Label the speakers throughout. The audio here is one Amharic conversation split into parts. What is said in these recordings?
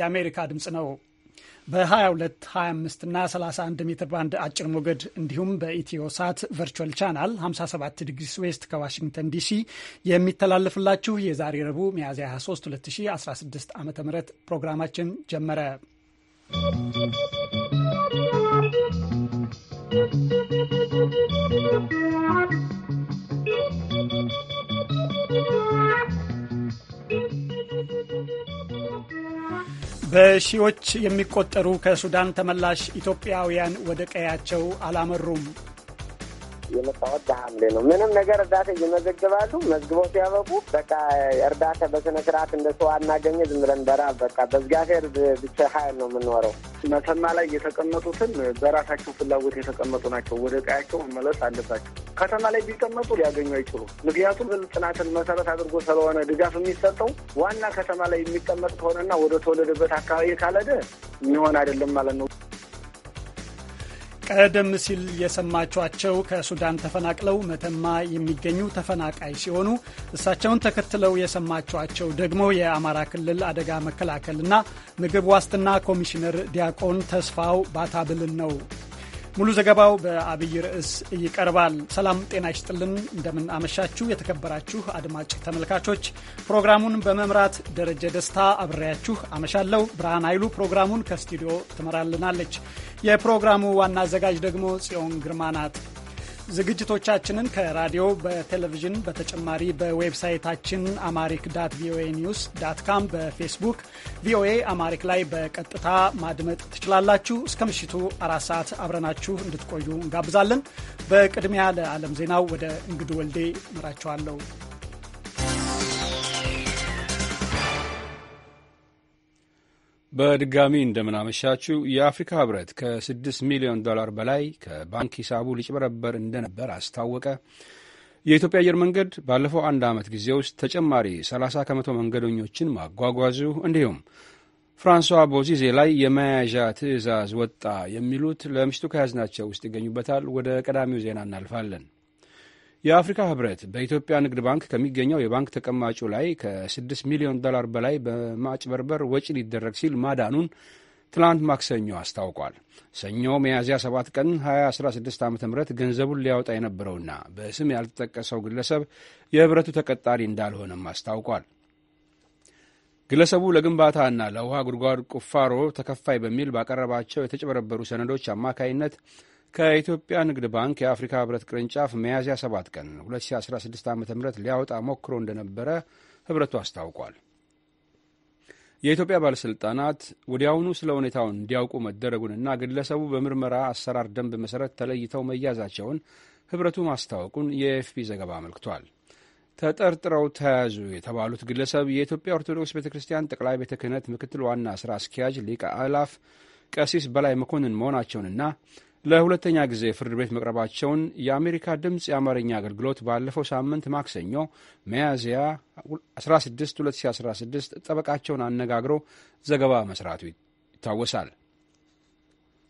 Speaker 1: የአሜሪካ ድምፅ ነው። በ22፣ 25 እና 31 ሜትር ባንድ አጭር ሞገድ እንዲሁም በኢትዮ ሳት ቨርቹዋል ቻናል 57 ዲግሪስ ዌስት ከዋሽንግተን ዲሲ የሚተላለፍላችሁ የዛሬ ረቡዕ ሚያዝያ 23 2016 ዓ ም ፕሮግራማችን ጀመረ። ¶¶ በሺዎች የሚቆጠሩ ከሱዳን ተመላሽ ኢትዮጵያውያን ወደ ቀያቸው አላመሩም። የመጣወት በሐምሌ ነው። ምንም
Speaker 2: ነገር እርዳታ ይመዘግባሉ። መዝግበው ሲያበቁ በቃ እርዳታ በስነ ስርዓት እንደ ሰው አናገኘ ዝም ብለን በራብ በቃ በእግዚአብሔር ብቻ ሀያል ነው የምንኖረው። መተማ ላይ የተቀመጡትን በራሳቸው ፍላጎት የተቀመጡ ናቸው። ወደ ቀያቸው መመለስ አለባቸው። ከተማ ላይ ቢቀመጡ ሊያገኙ አይችሉም። ምክንያቱም ጥናትን መሰረት አድርጎ ስለሆነ ድጋፍ የሚሰጠው ዋና ከተማ ላይ የሚቀመጥ ከሆነና ወደ ተወለደበት አካባቢ ካለደ የሚሆን አይደለም ማለት ነው።
Speaker 1: ቀደም ሲል የሰማችኋቸው ከሱዳን ተፈናቅለው መተማ የሚገኙ ተፈናቃይ ሲሆኑ እሳቸውን ተከትለው የሰማችኋቸው ደግሞ የአማራ ክልል አደጋ መከላከልና ምግብ ዋስትና ኮሚሽነር ዲያቆን ተስፋው ባታብልን ነው። ሙሉ ዘገባው በአብይ ርዕስ ይቀርባል። ሰላም ጤና ይስጥልን። እንደምን አመሻችሁ የተከበራችሁ አድማጭ ተመልካቾች። ፕሮግራሙን በመምራት ደረጀ ደስታ አብሬያችሁ አመሻለሁ። ብርሃን ኃይሉ ፕሮግራሙን ከስቱዲዮ ትመራልናለች። የፕሮግራሙ ዋና አዘጋጅ ደግሞ ጽዮን ግርማ ናት። ዝግጅቶቻችንን ከራዲዮ በቴሌቪዥን በተጨማሪ በዌብሳይታችን አማሪክ ዳት ቪኦኤ ኒውስ ዳት ካም በፌስቡክ ቪኦኤ አማሪክ ላይ በቀጥታ ማድመጥ ትችላላችሁ። እስከ ምሽቱ አራት ሰዓት አብረናችሁ እንድትቆዩ እንጋብዛለን። በቅድሚያ ለዓለም ዜናው ወደ እንግዱ ወልዴ እመራችኋለሁ።
Speaker 3: በድጋሚ እንደምናመሻችው የአፍሪካ ህብረት ከ6 ሚሊዮን ዶላር በላይ ከባንክ ሂሳቡ ሊጭበረበር እንደነበር አስታወቀ። የኢትዮጵያ አየር መንገድ ባለፈው አንድ ዓመት ጊዜ ውስጥ ተጨማሪ 30 ከመቶ መንገደኞችን ማጓጓዙ እንዲሁም ፍራንሷ ቦዚዜ ላይ የመያዣ ትዕዛዝ ወጣ የሚሉት ለምሽቱ ከያዝናቸው ውስጥ ይገኙበታል። ወደ ቀዳሚው ዜና እናልፋለን። የአፍሪካ ህብረት በኢትዮጵያ ንግድ ባንክ ከሚገኘው የባንክ ተቀማጩ ላይ ከ6 ሚሊዮን ዶላር በላይ በማጭበርበር ወጪ ሊደረግ ሲል ማዳኑን ትላንት ማክሰኞ አስታውቋል። ሰኞ ሚያዝያ 7 ቀን 2016 ዓ ም ገንዘቡን ሊያወጣ የነበረውና በስም ያልተጠቀሰው ግለሰብ የህብረቱ ተቀጣሪ እንዳልሆነም አስታውቋል። ግለሰቡ ለግንባታና ለውሃ ጉድጓድ ቁፋሮ ተከፋይ በሚል ባቀረባቸው የተጨበረበሩ ሰነዶች አማካይነት ከኢትዮጵያ ንግድ ባንክ የአፍሪካ ህብረት ቅርንጫፍ ሚያዝያ 7 ቀን 2016 ዓ ም ሊያወጣ ሞክሮ እንደነበረ ህብረቱ አስታውቋል። የኢትዮጵያ ባለሥልጣናት ወዲያውኑ ስለ ሁኔታውን እንዲያውቁ መደረጉንና ግለሰቡ በምርመራ አሰራር ደንብ መሠረት ተለይተው መያዛቸውን ህብረቱ ማስታወቁን የኤፍፒ ዘገባ አመልክቷል። ተጠርጥረው ተያዙ የተባሉት ግለሰብ የኢትዮጵያ ኦርቶዶክስ ቤተ ክርስቲያን ጠቅላይ ቤተ ክህነት ምክትል ዋና ሥራ አስኪያጅ ሊቀ አላፍ ቀሲስ በላይ መኮንን መሆናቸውንና ለሁለተኛ ጊዜ ፍርድ ቤት መቅረባቸውን የአሜሪካ ድምፅ የአማርኛ አገልግሎት ባለፈው ሳምንት ማክሰኞ ሚያዝያ 16 2016 ጠበቃቸውን አነጋግሮ ዘገባ መስራቱ ይታወሳል።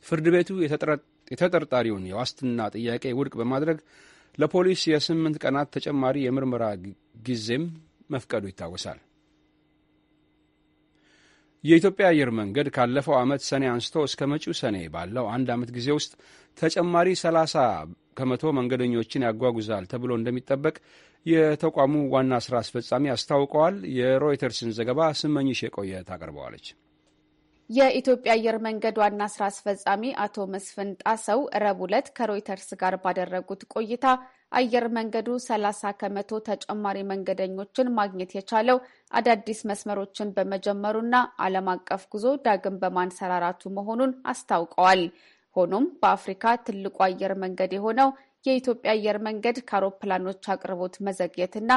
Speaker 3: ፍርድ ቤቱ የተጠርጣሪውን የዋስትና ጥያቄ ውድቅ በማድረግ ለፖሊስ የስምንት ቀናት ተጨማሪ የምርመራ ጊዜም መፍቀዱ ይታወሳል። የኢትዮጵያ አየር መንገድ ካለፈው ዓመት ሰኔ አንስቶ እስከ መጪው ሰኔ ባለው አንድ ዓመት ጊዜ ውስጥ ተጨማሪ 30 ከመቶ መንገደኞችን ያጓጉዛል ተብሎ እንደሚጠበቅ የተቋሙ ዋና ሥራ አስፈጻሚ አስታውቀዋል። የሮይተርስን ዘገባ ስመኝሽ የቆየ ታቀርበዋለች።
Speaker 4: የኢትዮጵያ አየር መንገድ ዋና ስራ አስፈጻሚ አቶ መስፍን ጣሰው ረቡዕ ዕለት ከሮይተርስ ጋር ባደረጉት ቆይታ አየር መንገዱ ሰላሳ ከመቶ ተጨማሪ መንገደኞችን ማግኘት የቻለው አዳዲስ መስመሮችን በመጀመሩና ዓለም አቀፍ ጉዞ ዳግም በማንሰራራቱ መሆኑን አስታውቀዋል። ሆኖም በአፍሪካ ትልቁ አየር መንገድ የሆነው የኢትዮጵያ አየር መንገድ ከአውሮፕላኖች አቅርቦት መዘግየትና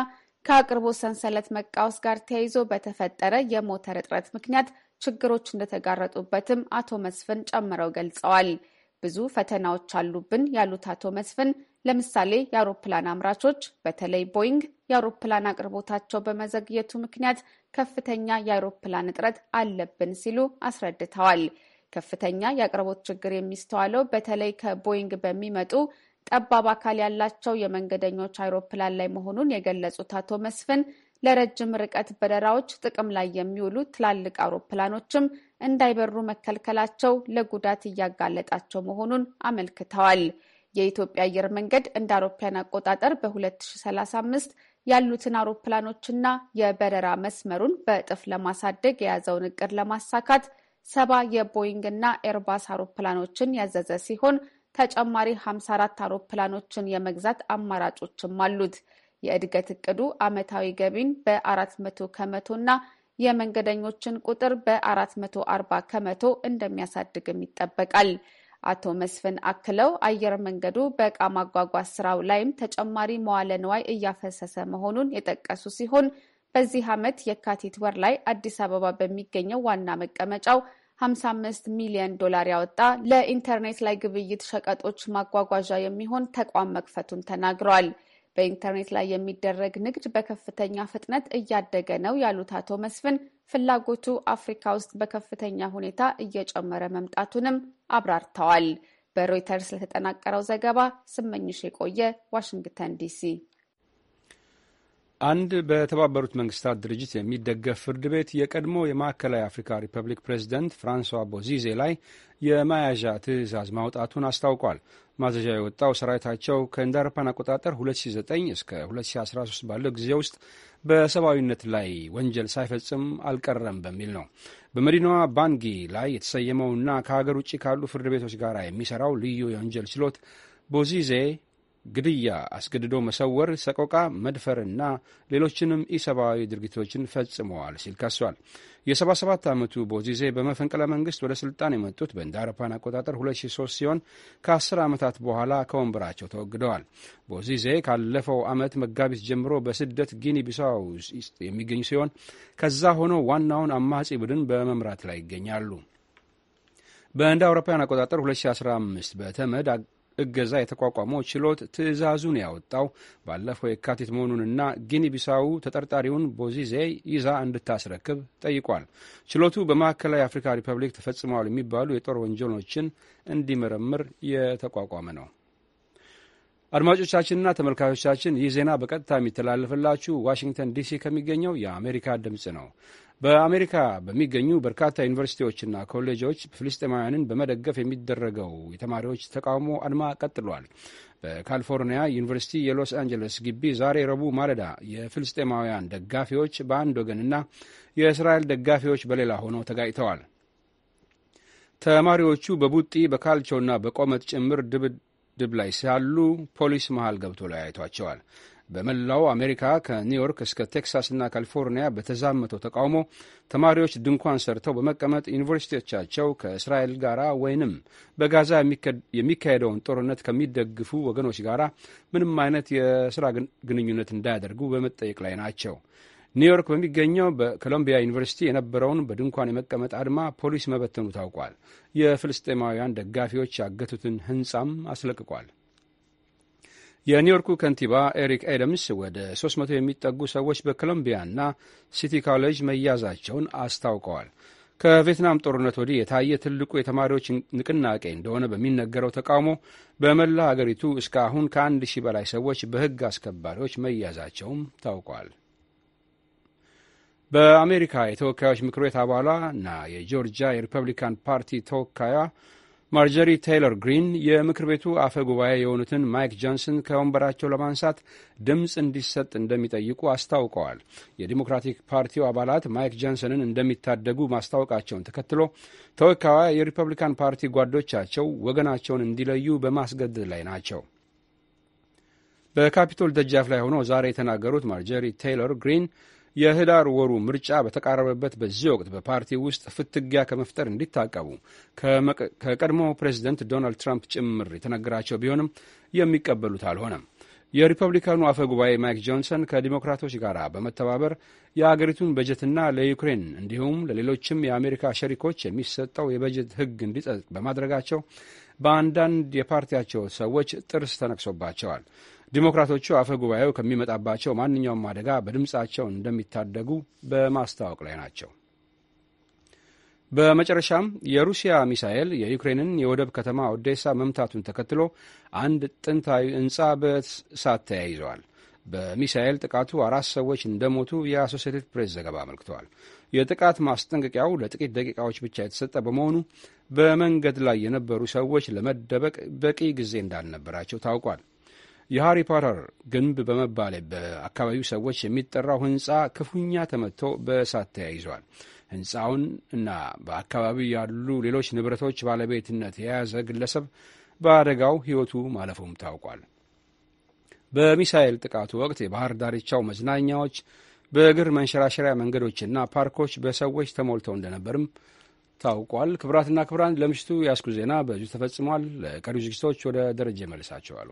Speaker 4: ከአቅርቦት ሰንሰለት መቃወስ ጋር ተያይዞ በተፈጠረ የሞተር እጥረት ምክንያት ችግሮች እንደተጋረጡበትም አቶ መስፍን ጨምረው ገልጸዋል። ብዙ ፈተናዎች አሉብን ያሉት አቶ መስፍን ለምሳሌ የአውሮፕላን አምራቾች በተለይ ቦይንግ የአውሮፕላን አቅርቦታቸው በመዘግየቱ ምክንያት ከፍተኛ የአውሮፕላን እጥረት አለብን ሲሉ አስረድተዋል። ከፍተኛ የአቅርቦት ችግር የሚስተዋለው በተለይ ከቦይንግ በሚመጡ ጠባብ አካል ያላቸው የመንገደኞች አውሮፕላን ላይ መሆኑን የገለጹት አቶ መስፍን ለረጅም ርቀት በረራዎች ጥቅም ላይ የሚውሉ ትላልቅ አውሮፕላኖችም እንዳይበሩ መከልከላቸው ለጉዳት እያጋለጣቸው መሆኑን አመልክተዋል። የኢትዮጵያ አየር መንገድ እንደ አውሮፓውያን አቆጣጠር በ2035 ያሉትን አውሮፕላኖችና የበረራ መስመሩን በእጥፍ ለማሳደግ የያዘውን እቅድ ለማሳካት ሰባ የቦይንግ እና ኤርባስ አውሮፕላኖችን ያዘዘ ሲሆን ተጨማሪ 54 አውሮፕላኖችን የመግዛት አማራጮችም አሉት። የእድገት እቅዱ ዓመታዊ ገቢን በ400 ከመቶ እና የመንገደኞችን ቁጥር በ440 ከመቶ እንደሚያሳድግም ይጠበቃል። አቶ መስፍን አክለው አየር መንገዱ በእቃ ማጓጓዝ ስራው ላይም ተጨማሪ መዋለ ንዋይ እያፈሰሰ መሆኑን የጠቀሱ ሲሆን በዚህ ዓመት የካቲት ወር ላይ አዲስ አበባ በሚገኘው ዋና መቀመጫው 55 ሚሊዮን ዶላር ያወጣ ለኢንተርኔት ላይ ግብይት ሸቀጦች ማጓጓዣ የሚሆን ተቋም መክፈቱን ተናግረዋል። በኢንተርኔት ላይ የሚደረግ ንግድ በከፍተኛ ፍጥነት እያደገ ነው ያሉት አቶ መስፍን ፍላጎቱ አፍሪካ ውስጥ በከፍተኛ ሁኔታ እየጨመረ መምጣቱንም አብራርተዋል። በሮይተርስ ለተጠናቀረው ዘገባ ስመኝሽ የቆየ ዋሽንግተን ዲሲ።
Speaker 3: አንድ በተባበሩት መንግስታት ድርጅት የሚደገፍ ፍርድ ቤት የቀድሞ የማዕከላዊ አፍሪካ ሪፐብሊክ ፕሬዚደንት ፍራንሷ ቦዚዜ ላይ የመያዣ ትዕዛዝ ማውጣቱን አስታውቋል። ማዘዣ የወጣው ሰራዊታቸው ከእንደ አውሮፓውያን አቆጣጠር 2009 እስከ 2013 ባለው ጊዜ ውስጥ በሰብአዊነት ላይ ወንጀል ሳይፈጽም አልቀረም በሚል ነው። በመዲናዋ ባንጊ ላይ የተሰየመውና ከሀገር ውጭ ካሉ ፍርድ ቤቶች ጋር የሚሰራው ልዩ የወንጀል ችሎት ቦዚዜ ግድያ፣ አስገድዶ መሰወር፣ ሰቆቃ፣ መድፈርና ሌሎችንም ኢሰብአዊ ድርጊቶችን ፈጽመዋል ሲል ከሷል። የ77 ዓመቱ ቦዚዜ በመፈንቅለ መንግሥት ወደ ስልጣን የመጡት በእንደ አውሮፓውያን አቆጣጠር 2003 ሲሆን ከ10 ዓመታት በኋላ ከወንበራቸው ተወግደዋል። ቦዚዜ ካለፈው ዓመት መጋቢት ጀምሮ በስደት ጊኒ ቢሳው ውስጥ የሚገኙ ሲሆን ከዛ ሆኖ ዋናውን አማጺ ቡድን በመምራት ላይ ይገኛሉ። በእንደ አውሮፓውያን አቆጣጠር 2015 በተመድ እገዛ የተቋቋመው ችሎት ትዕዛዙን ያወጣው ባለፈው የካቲት መሆኑንና ጊኒ ቢሳው ተጠርጣሪውን ቦዚዜ ይዛ እንድታስረክብ ጠይቋል። ችሎቱ በማዕከላዊ አፍሪካ ሪፐብሊክ ተፈጽመዋል የሚባሉ የጦር ወንጀሎችን እንዲመረምር የተቋቋመ ነው። አድማጮቻችንና ተመልካቾቻችን ይህ ዜና በቀጥታ የሚተላለፍላችሁ ዋሽንግተን ዲሲ ከሚገኘው የአሜሪካ ድምፅ ነው። በአሜሪካ በሚገኙ በርካታ ዩኒቨርሲቲዎችና ኮሌጆች ፍልስጤማውያንን በመደገፍ የሚደረገው የተማሪዎች ተቃውሞ አድማ ቀጥሏል። በካሊፎርኒያ ዩኒቨርሲቲ የሎስ አንጀለስ ግቢ ዛሬ ረቡዕ ማለዳ የፍልስጤማውያን ደጋፊዎች በአንድ ወገንና የእስራኤል ደጋፊዎች በሌላ ሆነው ተጋጭተዋል። ተማሪዎቹ በቡጢ በካልቾና በቆመት ጭምር ድብ ላይ ሲያሉ ፖሊስ መሃል ገብቶ ለያይቷቸዋል። በመላው አሜሪካ ከኒውዮርክ እስከ ቴክሳስና ካሊፎርኒያ በተዛመተው ተቃውሞ ተማሪዎች ድንኳን ሰርተው በመቀመጥ ዩኒቨርሲቲዎቻቸው ከእስራኤል ጋር ወይንም በጋዛ የሚካሄደውን ጦርነት ከሚደግፉ ወገኖች ጋር ምንም አይነት የስራ ግንኙነት እንዳያደርጉ በመጠየቅ ላይ ናቸው። ኒውዮርክ በሚገኘው በኮሎምቢያ ዩኒቨርሲቲ የነበረውን በድንኳን የመቀመጥ አድማ ፖሊስ መበተኑ ታውቋል። የፍልስጤማውያን ደጋፊዎች ያገቱትን ህንጻም አስለቅቋል። የኒውዮርኩ ከንቲባ ኤሪክ ኤደምስ ወደ 300 የሚጠጉ ሰዎች በኮሎምቢያና ሲቲ ኮሌጅ መያዛቸውን አስታውቀዋል። ከቬትናም ጦርነት ወዲህ የታየ ትልቁ የተማሪዎች ንቅናቄ እንደሆነ በሚነገረው ተቃውሞ በመላ አገሪቱ እስካሁን ከአንድ ሺህ በላይ ሰዎች በህግ አስከባሪዎች መያዛቸውም ታውቋል። በአሜሪካ የተወካዮች ምክር ቤት አባሏ እና የጆርጂያ የሪፐብሊካን ፓርቲ ተወካያ ማርጀሪ ቴይለር ግሪን የምክር ቤቱ አፈ ጉባኤ የሆኑትን ማይክ ጆንሰን ከወንበራቸው ለማንሳት ድምፅ እንዲሰጥ እንደሚጠይቁ አስታውቀዋል። የዲሞክራቲክ ፓርቲው አባላት ማይክ ጆንሰንን እንደሚታደጉ ማስታወቃቸውን ተከትሎ ተወካዩ የሪፐብሊካን ፓርቲ ጓዶቻቸው ወገናቸውን እንዲለዩ በማስገደድ ላይ ናቸው። በካፒቶል ደጃፍ ላይ ሆኖ ዛሬ የተናገሩት ማርጀሪ ቴይለር ግሪን የህዳር ወሩ ምርጫ በተቃረበበት በዚህ ወቅት በፓርቲ ውስጥ ፍትጊያ ከመፍጠር እንዲታቀቡ ከቀድሞ ፕሬዚደንት ዶናልድ ትራምፕ ጭምር የተነገራቸው ቢሆንም የሚቀበሉት አልሆነም። የሪፐብሊካኑ አፈ ጉባኤ ማይክ ጆንሰን ከዲሞክራቶች ጋር በመተባበር የአገሪቱን በጀትና ለዩክሬን እንዲሁም ለሌሎችም የአሜሪካ ሸሪኮች የሚሰጠው የበጀት ህግ እንዲጸድቅ በማድረጋቸው በአንዳንድ የፓርቲያቸው ሰዎች ጥርስ ተነቅሶባቸዋል። ዲሞክራቶቹ አፈ ጉባኤው ከሚመጣባቸው ማንኛውም አደጋ በድምፃቸው እንደሚታደጉ በማስታወቅ ላይ ናቸው። በመጨረሻም የሩሲያ ሚሳኤል የዩክሬንን የወደብ ከተማ ኦዴሳ መምታቱን ተከትሎ አንድ ጥንታዊ ሕንፃ በእሳት ተያይዘዋል። በሚሳኤል ጥቃቱ አራት ሰዎች እንደሞቱ የአሶሴትድ ፕሬስ ዘገባ አመልክተዋል። የጥቃት ማስጠንቀቂያው ለጥቂት ደቂቃዎች ብቻ የተሰጠ በመሆኑ በመንገድ ላይ የነበሩ ሰዎች ለመደበቅ በቂ ጊዜ እንዳልነበራቸው ታውቋል። የሃሪ ፖተር ግንብ በመባል በአካባቢው ሰዎች የሚጠራው ህንፃ ክፉኛ ተመትቶ በእሳት ተያይዟል። ህንፃውን እና በአካባቢው ያሉ ሌሎች ንብረቶች ባለቤትነት የያዘ ግለሰብ በአደጋው ህይወቱ ማለፉም ታውቋል። በሚሳኤል ጥቃቱ ወቅት የባህር ዳርቻው መዝናኛዎች፣ በእግር መንሸራሸሪያ መንገዶችና ፓርኮች በሰዎች ተሞልተው እንደነበርም ታውቋል። ክብራትና ክብራን ለምሽቱ ያስኩ ዜና በዚሁ ተፈጽሟል። ለቀሪው ዝግጅቶች ወደ ደረጀ መልሳቸው አሉ።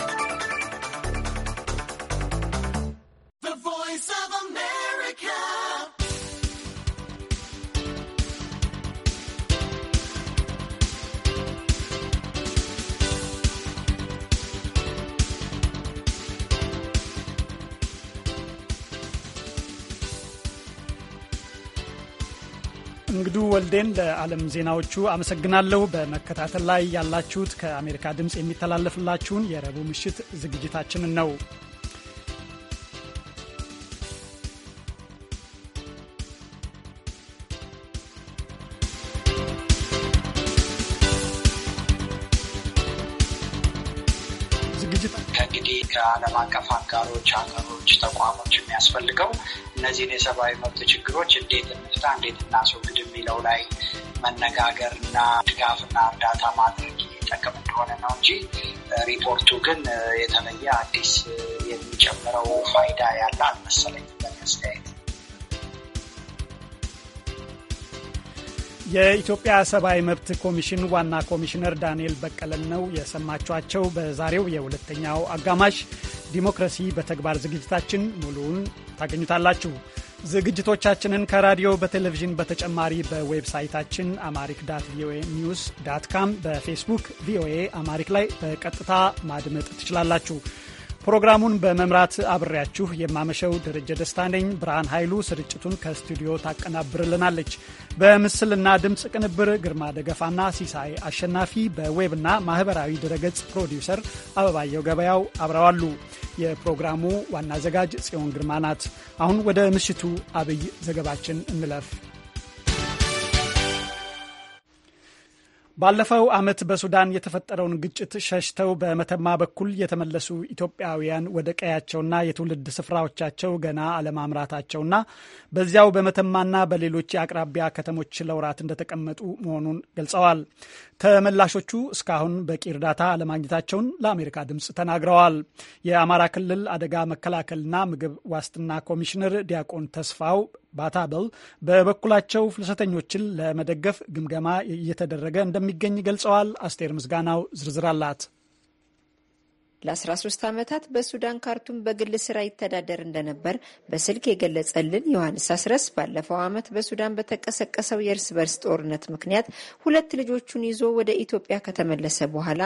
Speaker 1: እንግዱ ወልዴን ለዓለም ዜናዎቹ አመሰግናለሁ። በመከታተል ላይ ያላችሁት ከአሜሪካ ድምፅ የሚተላለፍላችሁን የረቡዕ ምሽት ዝግጅታችንን ነው።
Speaker 5: ከእንግዲህ ከዓለም አቀፍ አጋሮች፣ ሀገሮች፣ ተቋሞች የሚያስፈልገው እነዚህን የሰብአዊ መብት ችግሮች እንዴት እንፍታ፣ እንዴት እናስወግድ የሚለው ላይ መነጋገርና ድጋፍና እርዳታ ማድረግ ይጠቅም እንደሆነ ነው እንጂ ሪፖርቱ ግን የተለየ አዲስ የሚጨምረው ፋይዳ ያለ አልመሰለኝም። በሚያስተያየት
Speaker 1: የኢትዮጵያ ሰብአዊ መብት ኮሚሽን ዋና ኮሚሽነር ዳንኤል በቀለን ነው የሰማችኋቸው። በዛሬው የሁለተኛው አጋማሽ ዲሞክራሲ በተግባር ዝግጅታችን ሙሉውን ታገኙታላችሁ። ዝግጅቶቻችንን ከራዲዮ በቴሌቪዥን በተጨማሪ በዌብሳይታችን አማሪክ ዳት ቪኦኤ ኒውስ ዳት ካም፣ በፌስቡክ ቪኦኤ አማሪክ ላይ በቀጥታ ማድመጥ ትችላላችሁ። ፕሮግራሙን በመምራት አብሬያችሁ የማመሸው ደረጀ ደስታ ነኝ። ብርሃን ኃይሉ ስርጭቱን ከስቱዲዮ ታቀናብርልናለች። በምስልና ድምፅ ቅንብር ግርማ ደገፋና ሲሳይ አሸናፊ፣ በዌብና ማህበራዊ ድረገጽ ፕሮዲውሰር አበባየው ገበያው አብረዋሉ። የፕሮግራሙ ዋና አዘጋጅ ጽዮን ግርማ ናት። አሁን ወደ ምሽቱ አብይ ዘገባችን እንለፍ። ባለፈው ዓመት በሱዳን የተፈጠረውን ግጭት ሸሽተው በመተማ በኩል የተመለሱ ኢትዮጵያውያን ወደ ቀያቸውና የትውልድ ስፍራዎቻቸው ገና አለማምራታቸውና በዚያው በመተማና በሌሎች የአቅራቢያ ከተሞች ለውራት እንደተቀመጡ መሆኑን ገልጸዋል። ተመላሾቹ እስካሁን በቂ እርዳታ አለማግኘታቸውን ለአሜሪካ ድምፅ ተናግረዋል። የአማራ ክልል አደጋ መከላከልና ምግብ ዋስትና ኮሚሽነር ዲያቆን ተስፋው ባታበል በበኩላቸው ፍልሰተኞችን ለመደገፍ ግምገማ እየተደረገ እንደሚገኝ ገልጸዋል። አስቴር ምስጋናው ዝርዝር አላት።
Speaker 6: ለ13 ዓመታት በሱዳን ካርቱም በግል ስራ ይተዳደር እንደነበር በስልክ የገለጸልን ዮሐንስ አስረስ ባለፈው ዓመት በሱዳን በተቀሰቀሰው የእርስ በርስ ጦርነት ምክንያት ሁለት ልጆቹን ይዞ ወደ ኢትዮጵያ ከተመለሰ በኋላ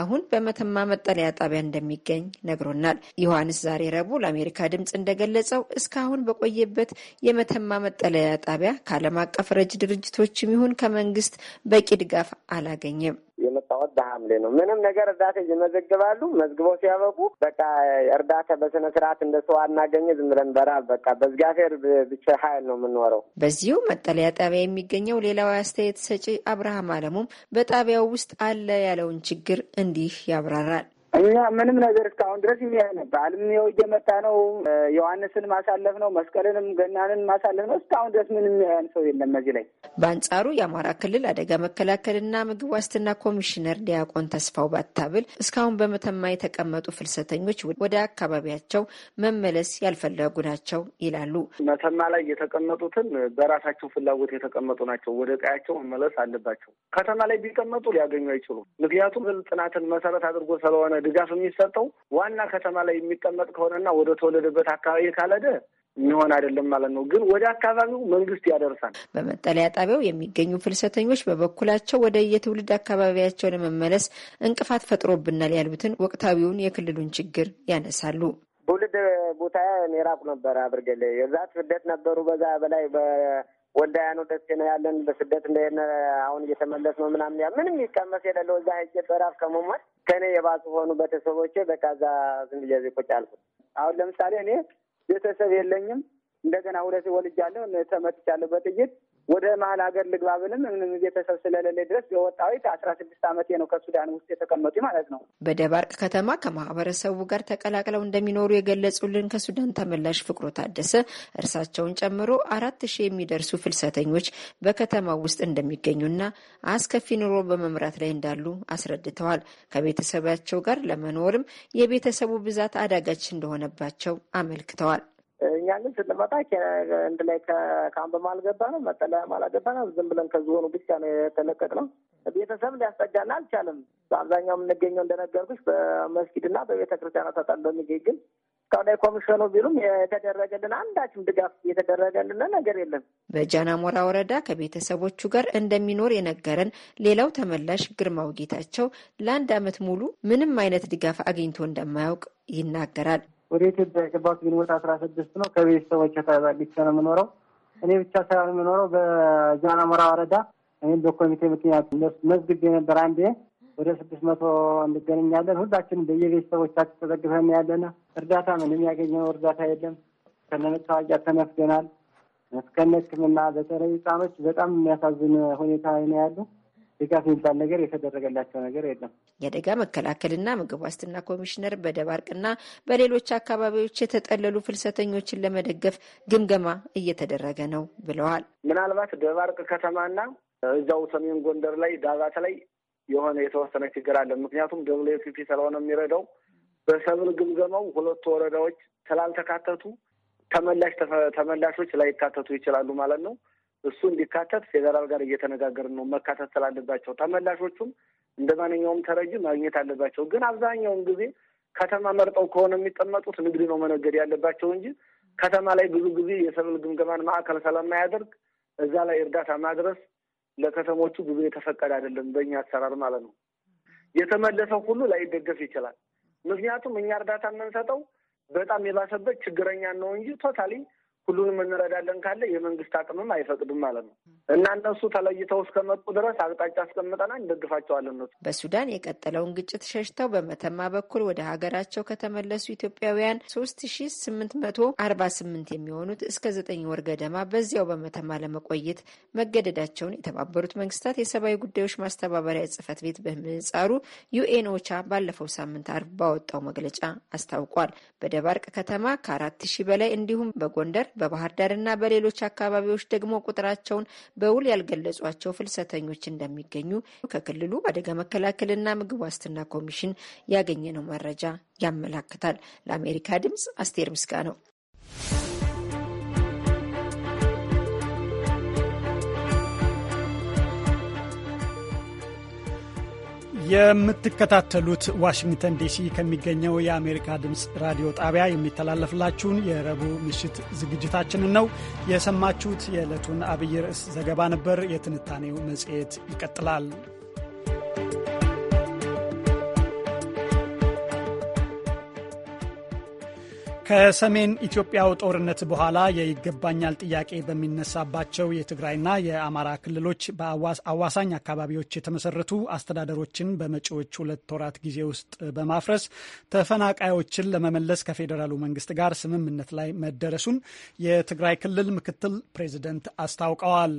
Speaker 6: አሁን በመተማ መጠለያ ጣቢያ እንደሚገኝ ነግሮናል። ዮሐንስ ዛሬ ረቡዕ ለአሜሪካ ድምፅ እንደገለጸው እስካሁን በቆየበት የመተማ መጠለያ ጣቢያ ከዓለም አቀፍ ረጅ ድርጅቶችም ይሁን ከመንግስት በቂ ድጋፍ አላገኘም። የመጣሁት በሐምሌ ነው። ምንም
Speaker 2: ነገር እርዳታ ይመዘግባሉ። መዝግበው ሲያበቁ በቃ እርዳታ በስነ ስርዓት እንደ ሰው አናገኘ። ዝም ብለን በራ በቃ በእግዚአብሔር ብቻ ሀይል ነው የምንኖረው።
Speaker 6: በዚሁ መጠለያ ጣቢያ የሚገኘው ሌላው አስተያየት ሰጪ አብርሃም አለሙም በጣቢያው ውስጥ አለ ያለውን ችግር እንዲህ ያብራራል። እኛ ምንም ነገር እስካሁን
Speaker 2: ድረስ የሚያነ በዓልም ይኸው እየመጣ ነው። ዮሐንስን ማሳለፍ ነው፣ መስቀልንም ገናንን
Speaker 6: ማሳለፍ ነው። እስካሁን ድረስ ምን የሚያያን ሰው የለም እዚህ ላይ። በአንጻሩ የአማራ ክልል አደጋ መከላከልና ምግብ ዋስትና ኮሚሽነር ዲያቆን ተስፋው ባታብል እስካሁን በመተማ የተቀመጡ ፍልሰተኞች ወደ አካባቢያቸው መመለስ ያልፈለጉ ናቸው ይላሉ።
Speaker 2: መተማ ላይ የተቀመጡትን በራሳቸው ፍላጎት የተቀመጡ ናቸው። ወደ ቀያቸው መመለስ አለባቸው። ከተማ ላይ ቢቀመጡ ሊያገኙ አይችሉም። ምክንያቱም ጥናትን መሰረት አድርጎ ስለሆነ ድጋፍ የሚሰጠው ዋና ከተማ ላይ የሚቀመጥ ከሆነና ወደ ተወለደበት አካባቢ ካለደ የሚሆን አይደለም ማለት ነው። ግን ወደ አካባቢው መንግስት ያደርሳል።
Speaker 6: በመጠለያ ጣቢያው የሚገኙ ፍልሰተኞች በበኩላቸው ወደ የትውልድ አካባቢያቸው ለመመለስ እንቅፋት ፈጥሮብናል ያሉትን ወቅታዊውን የክልሉን ችግር ያነሳሉ።
Speaker 2: ትውልድ ቦታ የራቁ ነበረ አብርገሌ የብዛት ስደት ነበሩ በዛ በላይ ወልዳያኑ ደሴ ነው ያለን በስደት እንደሄድን አሁን እየተመለስ ነው ምናምን ያ ምንም ይቀመስ የሌለው እዛ ሄጄ በራፍ ከመሟል ከእኔ የባሱ ሆኑ ቤተሰቦቼ በቃ እዛ ዝም ብዬ እዚህ ቁጭ አልኩት። አሁን ለምሳሌ እኔ ቤተሰብ የለኝም። እንደገና ሁለት ወልጃለሁ፣ ተመትቻለሁ በጥይት ወደ መሀል ሀገር ልግባ ብልም ምንም ቤተሰብ ስለሌለ ድረስ የወጣዊት አስራ ስድስት ዓመቴ ነው ከሱዳን ውስጥ የተቀመጡ ማለት ነው።
Speaker 6: በደባርቅ ከተማ ከማህበረሰቡ ጋር ተቀላቅለው እንደሚኖሩ የገለጹልን ከሱዳን ተመላሽ ፍቅሮ ታደሰ እርሳቸውን ጨምሮ አራት ሺህ የሚደርሱ ፍልሰተኞች በከተማው ውስጥ እንደሚገኙና አስከፊ ኑሮ በመምራት ላይ እንዳሉ አስረድተዋል። ከቤተሰባቸው ጋር ለመኖርም የቤተሰቡ ብዛት አዳጋች እንደሆነባቸው አመልክተዋል።
Speaker 2: እኛ ግን ስንመጣ አንድ ላይ ከካምፕም አልገባንም፣ መጠለያም አላገባንም። ዝም ብለን ከዝሆኑ ብቻ ነው የተለቀቅነው። ቤተሰብ ሊያስጠጋን አልቻለም። በአብዛኛው የምንገኘው እንደነገርኩሽ በመስጊድና በቤተ ክርስቲያኗ ተጠልሎ የሚገኝ ግን እስካሁን የኮሚሽኑ ቢሉም የተደረገልን አንዳችም ድጋፍ የተደረገልን
Speaker 6: ነገር የለም። በጃናሞራ ወረዳ ከቤተሰቦቹ ጋር እንደሚኖር የነገረን ሌላው ተመላሽ ግርማው ጌታቸው ለአንድ ዓመት ሙሉ ምንም አይነት ድጋፍ አግኝቶ እንደማያውቅ ይናገራል።
Speaker 2: ወደ ኢትዮጵያ የገባሁት ግንቦት አስራ ስድስት ነው። ከቤተሰቦች ተጣልቼ ነው የምኖረው። እኔ ብቻ ሳይሆን የምኖረው በዛናሞራ ወረዳ እኔም በኮሚቴ ምክንያት መዝግቤ ነበር። አንዴ ወደ ስድስት መቶ እንገናኛለን። ሁላችንም በየቤተሰቦቻችን ተዘግበን ያለነ እርዳታ ምንም ያገኘነው እርዳታ የለም። ከነመታወቂያ ተነፍገናል። እስከነ ሕክምና በተለይ ህጻኖች በጣም የሚያሳዝን ሁኔታ ነው ያለው። ድጋፍ
Speaker 6: የሚባል ነገር የተደረገላቸው ነገር የለም። የአደጋ መከላከልና ምግብ ዋስትና ኮሚሽነር በደባርቅና በሌሎች አካባቢዎች የተጠለሉ ፍልሰተኞችን ለመደገፍ ግምገማ እየተደረገ ነው ብለዋል።
Speaker 2: ምናልባት ደባርቅ ከተማና እዛው ሰሜን ጎንደር ላይ ዳባት ላይ የሆነ የተወሰነ ችግር አለ። ምክንያቱም ደብሊው ስለሆነ የሚረዳው በሰብል ግምገማው ሁለቱ ወረዳዎች ስላልተካተቱ ተመላሽ ተመላሾች ላይካተቱ ይችላሉ ማለት ነው። እሱ እንዲካተት ፌዴራል ጋር እየተነጋገርን ነው። መካተት ስላለባቸው ተመላሾቹም እንደ ማንኛውም ተረጂ ማግኘት አለባቸው። ግን አብዛኛውን ጊዜ ከተማ መርጠው ከሆነ የሚቀመጡት ንግድ ነው መነገድ ያለባቸው እንጂ ከተማ ላይ ብዙ ጊዜ የሰብል ግምገማን ማዕከል ስለማያደርግ እዛ ላይ እርዳታ ማድረስ ለከተሞቹ ብዙ የተፈቀደ አይደለም፣ በእኛ አሰራር ማለት ነው። የተመለሰው ሁሉ ላይደገፍ ይችላል። ምክንያቱም እኛ እርዳታ የምንሰጠው በጣም የባሰበት ችግረኛ ነው እንጂ ቶታሊ ሁሉንም እንረዳለን ካለ የመንግስት አቅምም አይፈቅድም ማለት ነው እና እነሱ ተለይተው እስከመጡ ድረስ አቅጣጫ አስቀምጠና
Speaker 6: እንደግፋቸዋለን። ነው በሱዳን የቀጠለውን ግጭት ሸሽተው በመተማ በኩል ወደ ሀገራቸው ከተመለሱ ኢትዮጵያውያን ሶስት ሺ ስምንት መቶ አርባ ስምንት የሚሆኑት እስከ ዘጠኝ ወር ገደማ በዚያው በመተማ ለመቆየት መገደዳቸውን የተባበሩት መንግስታት የሰብአዊ ጉዳዮች ማስተባበሪያ ጽህፈት ቤት በምህጻሩ ዩኤን ኦቻ ባለፈው ሳምንት አርብ ባወጣው መግለጫ አስታውቋል። በደባርቅ ከተማ ከአራት ሺህ በላይ እንዲሁም በጎንደር በባህር ዳርና በሌሎች አካባቢዎች ደግሞ ቁጥራቸውን በውል ያልገለጿቸው ፍልሰተኞች እንደሚገኙ ከክልሉ አደጋ መከላከልና ምግብ ዋስትና ኮሚሽን ያገኘነው መረጃ ያመላክታል። ለአሜሪካ ድምጽ አስቴር ምስጋ ነው።
Speaker 1: የምትከታተሉት ዋሽንግተን ዲሲ ከሚገኘው የአሜሪካ ድምፅ ራዲዮ ጣቢያ የሚተላለፍላችሁን የረቡዕ ምሽት ዝግጅታችንን ነው የሰማችሁት። የዕለቱን አብይ ርዕስ ዘገባ ነበር። የትንታኔው መጽሔት ይቀጥላል። ከሰሜን ኢትዮጵያው ጦርነት በኋላ የይገባኛል ጥያቄ በሚነሳባቸው የትግራይና የአማራ ክልሎች በአዋሳኝ አካባቢዎች የተመሰረቱ አስተዳደሮችን በመጪዎች ሁለት ወራት ጊዜ ውስጥ በማፍረስ ተፈናቃዮችን ለመመለስ ከፌዴራሉ መንግስት ጋር ስምምነት ላይ መደረሱን የትግራይ ክልል ምክትል ፕሬዚደንት አስታውቀዋል።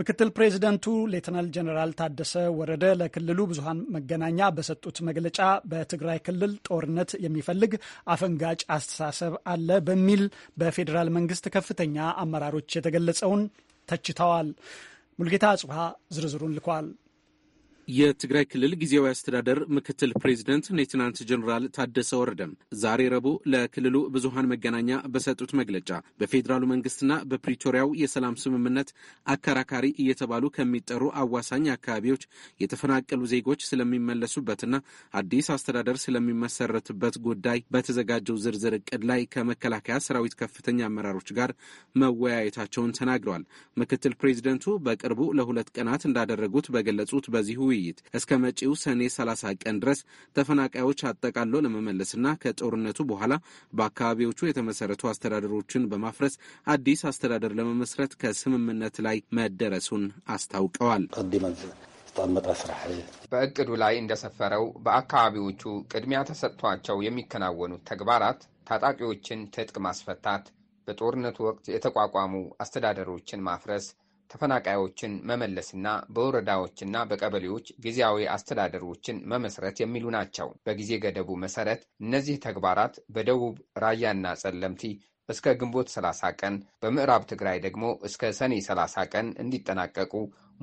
Speaker 1: ምክትል ፕሬዚደንቱ ሌተናል ጀኔራል ታደሰ ወረደ ለክልሉ ብዙሃን መገናኛ በሰጡት መግለጫ በትግራይ ክልል ጦርነት የሚፈልግ አፈንጋጭ አስተሳሰብ አለ በሚል በፌዴራል መንግስት ከፍተኛ አመራሮች የተገለጸውን ተችተዋል። ሙልጌታ አጽብሃ ዝርዝሩን ልኳል።
Speaker 7: የትግራይ ክልል ጊዜያዊ አስተዳደር ምክትል ፕሬዚደንት ሌትናንት ጀኔራል ታደሰ ወረደም ዛሬ ረቡዕ ለክልሉ ብዙሃን መገናኛ በሰጡት መግለጫ በፌዴራሉ መንግስትና በፕሪቶሪያው የሰላም ስምምነት አከራካሪ እየተባሉ ከሚጠሩ አዋሳኝ አካባቢዎች የተፈናቀሉ ዜጎች ስለሚመለሱበትና አዲስ አስተዳደር ስለሚመሰረትበት ጉዳይ በተዘጋጀው ዝርዝር እቅድ ላይ ከመከላከያ ሰራዊት ከፍተኛ አመራሮች ጋር መወያየታቸውን ተናግረዋል። ምክትል ፕሬዚደንቱ በቅርቡ ለሁለት ቀናት እንዳደረጉት በገለጹት በዚሁ ውይይት እስከ መጪው ሰኔ 30 ቀን ድረስ ተፈናቃዮች አጠቃሎ ለመመለስና ከጦርነቱ በኋላ በአካባቢዎቹ የተመሰረቱ አስተዳደሮችን በማፍረስ አዲስ አስተዳደር ለመመስረት ከስምምነት ላይ መደረሱን አስታውቀዋል።
Speaker 3: በእቅዱ ላይ እንደሰፈረው በአካባቢዎቹ ቅድሚያ ተሰጥቷቸው የሚከናወኑት ተግባራት ታጣቂዎችን ትጥቅ ማስፈታት፣ በጦርነቱ ወቅት የተቋቋሙ አስተዳደሮችን ማፍረስ፣ ተፈናቃዮችን መመለስና በወረዳዎችና በቀበሌዎች ጊዜያዊ አስተዳደሮችን መመስረት የሚሉ ናቸው። በጊዜ ገደቡ መሰረት እነዚህ ተግባራት በደቡብ ራያና ጸለምቲ እስከ ግንቦት 30 ቀን በምዕራብ ትግራይ
Speaker 7: ደግሞ እስከ ሰኔ 30 ቀን እንዲጠናቀቁ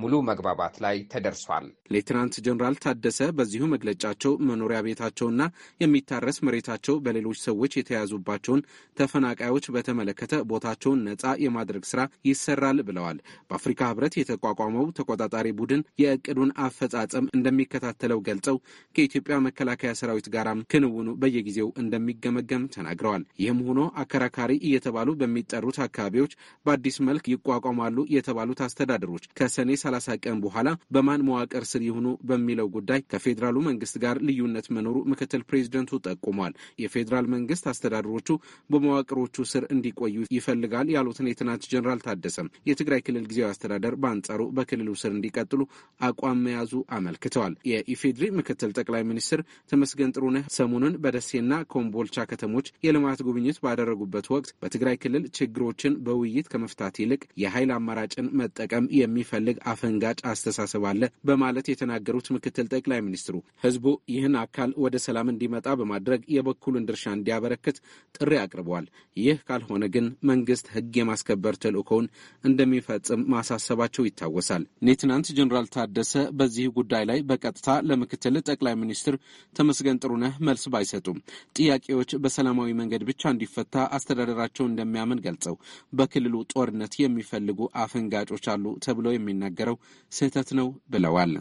Speaker 7: ሙሉ መግባባት ላይ ተደርሷል። ሌትናንት ጀኔራል ታደሰ በዚሁ መግለጫቸው መኖሪያ ቤታቸውና የሚታረስ መሬታቸው በሌሎች ሰዎች የተያዙባቸውን ተፈናቃዮች በተመለከተ ቦታቸውን ነፃ የማድረግ ስራ ይሰራል ብለዋል። በአፍሪካ ህብረት የተቋቋመው ተቆጣጣሪ ቡድን የእቅዱን አፈጻጸም እንደሚከታተለው ገልጸው ከኢትዮጵያ መከላከያ ሰራዊት ጋራም ክንውኑ በየጊዜው እንደሚገመገም ተናግረዋል። ይህም ሆኖ አከራካሪ እየተባሉ በሚጠሩት አካባቢዎች በአዲስ መልክ ይቋቋማሉ የተባሉት አስተዳደሮች ከሰኔ ሰላሳ ቀን በኋላ በማን መዋቅር ስር ይሁኑ በሚለው ጉዳይ ከፌዴራሉ መንግስት ጋር ልዩነት መኖሩ ምክትል ፕሬዚደንቱ ጠቁሟል። የፌዴራል መንግስት አስተዳደሮቹ በመዋቅሮቹ ስር እንዲቆዩ ይፈልጋል ያሉትን የትናንት ጀኔራል ታደሰም የትግራይ ክልል ጊዜያዊ አስተዳደር በአንጻሩ በክልሉ ስር እንዲቀጥሉ አቋም መያዙ አመልክተዋል። የኢፌዴሪ ምክትል ጠቅላይ ሚኒስትር ተመስገን ጥሩነህ ሰሞኑን በደሴና ኮምቦልቻ ከተሞች የልማት ጉብኝት ባደረጉበት ወቅት በትግራይ ክልል ችግሮችን በውይይት ከመፍታት ይልቅ የኃይል አማራጭን መጠቀም የሚፈልግ አፈንጋጭ አስተሳሰብ አለ በማለት የተናገሩት ምክትል ጠቅላይ ሚኒስትሩ ህዝቡ ይህን አካል ወደ ሰላም እንዲመጣ በማድረግ የበኩሉን ድርሻ እንዲያበረክት ጥሪ አቅርበዋል። ይህ ካልሆነ ግን መንግስት ህግ የማስከበር ተልእኮውን እንደሚፈጽም ማሳሰባቸው ይታወሳል። ሌትናንት ጀኔራል ታደሰ በዚህ ጉዳይ ላይ በቀጥታ ለምክትል ጠቅላይ ሚኒስትር ተመስገን ጥሩነህ መልስ ባይሰጡም ጥያቄዎች በሰላማዊ መንገድ ብቻ እንዲፈታ አስተዳደራቸው እንደሚያምን ገልጸው በክልሉ ጦርነት የሚፈልጉ አፈንጋጮች አሉ ተብለው የሚናገሩ የተናገረው ስህተት ነው ብለዋል።